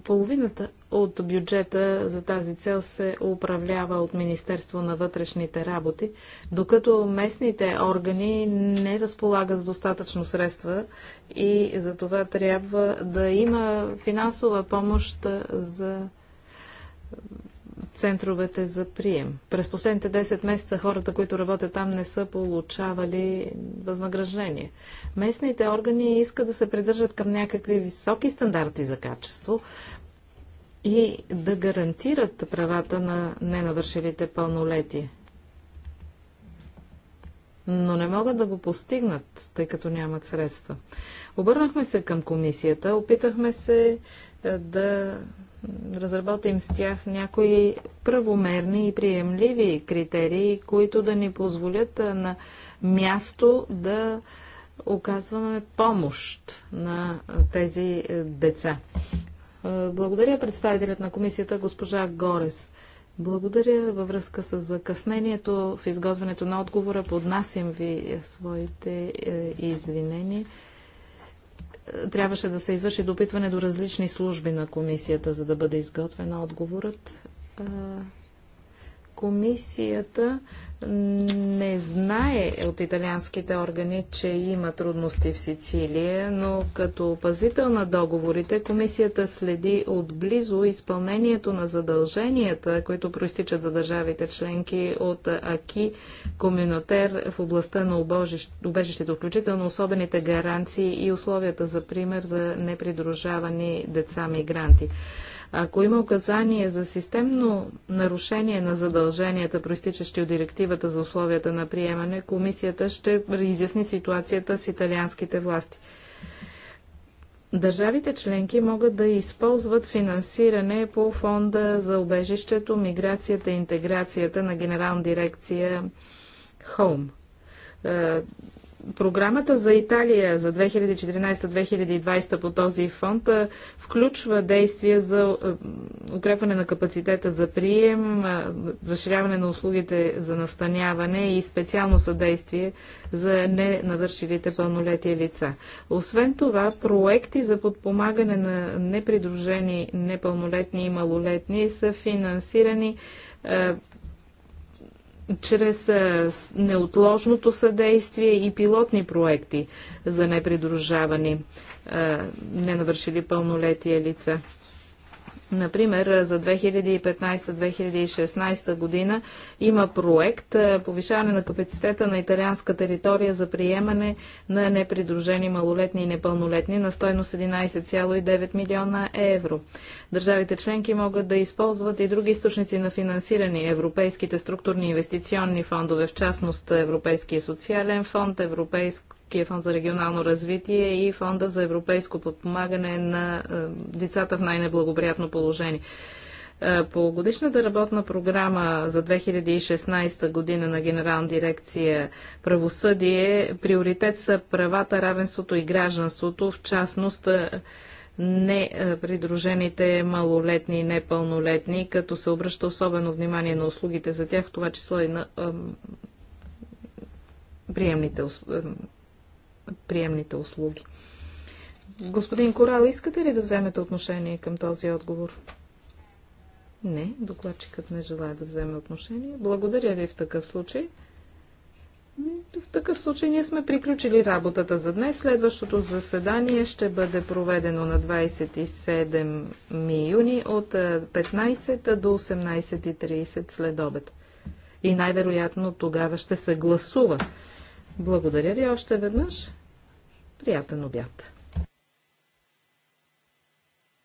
половината от бюджета за тази цел се управлява от Министерство на вътрешните работи, докато местните органи не разполагат с достатъчно средства и за това трябва да има финансова помощ за центровете за прием. През последните 10 месеца хората, които работят там, не са получавали възнаграждение. Местните органи искат да се придържат към някакви високи стандарти за качество и да гарантират правата на ненавършилите пълнолетие. Но не могат да го постигнат, тъй като нямат средства. Обърнахме се към комисията, опитахме се е, да разработим с тях някои правомерни и приемливи критерии, които да ни позволят на място да оказваме помощ на тези деца. Благодаря представителят на комисията госпожа Горес. Благодаря във връзка с закъснението в изготвянето на отговора. Поднасям ви своите е, извинения трябваше да се извърши допитване до различни служби на комисията, за да бъде изготвен отговорът. Комисията не знае от италианските органи, че има трудности в Сицилия, но като опазител на договорите комисията следи отблизо изпълнението на задълженията, които проистичат за държавите членки от АКИ Коминотер в областта на убежището, включително особените гаранции и условията за пример за непридружавани деца мигранти. Ако има указание за системно нарушение на задълженията, проистичащи от директивата за условията на приемане, комисията ще изясни ситуацията с италианските власти. Държавите членки могат да използват финансиране по фонда за обежището, миграцията и интеграцията на генерална дирекция Home. Е, програмата за Италия за 2014-2020 по този фонд е, включва действия за е, укрепване на капацитета за прием, е, разширяване на услугите за настаняване и специално съдействие за ненавършилите пълнолетие лица. Освен това, проекти за подпомагане на непридружени непълнолетни и малолетни са финансирани е, чрез неотложното съдействие и пилотни проекти за непридружавани ненавършили пълнолетие лица. Например, за 2015-2016 година има проект повишаване на капацитета на италианска територия за приемане на непридружени малолетни и непълнолетни на стойност 11,9 милиона евро. Държавите членки могат да използват и други източници на финансиране европейските структурни инвестиционни фондове, в частност Европейския социален фонд, Европейск Европейския фонд за регионално развитие и фонда за европейско подпомагане на е, децата в най-неблагоприятно положение. Е, по годишната работна програма за 2016 година на Генерална дирекция правосъдие, приоритет са правата, равенството и гражданството, в частност е, не придружените малолетни и непълнолетни, като се обръща особено внимание на услугите за тях, в това число и на приемните приемните услуги. Господин Корал, искате ли да вземете отношение към този отговор? Не, докладчикът не желая да вземе отношение. Благодаря ви в такъв случай. Ами, в такъв случай ние сме приключили работата за днес. Следващото заседание ще бъде проведено на 27 юни от 15 до 18.30 след обед. И най-вероятно тогава ще се гласува благодаря ви още веднъж. Приятен обяд!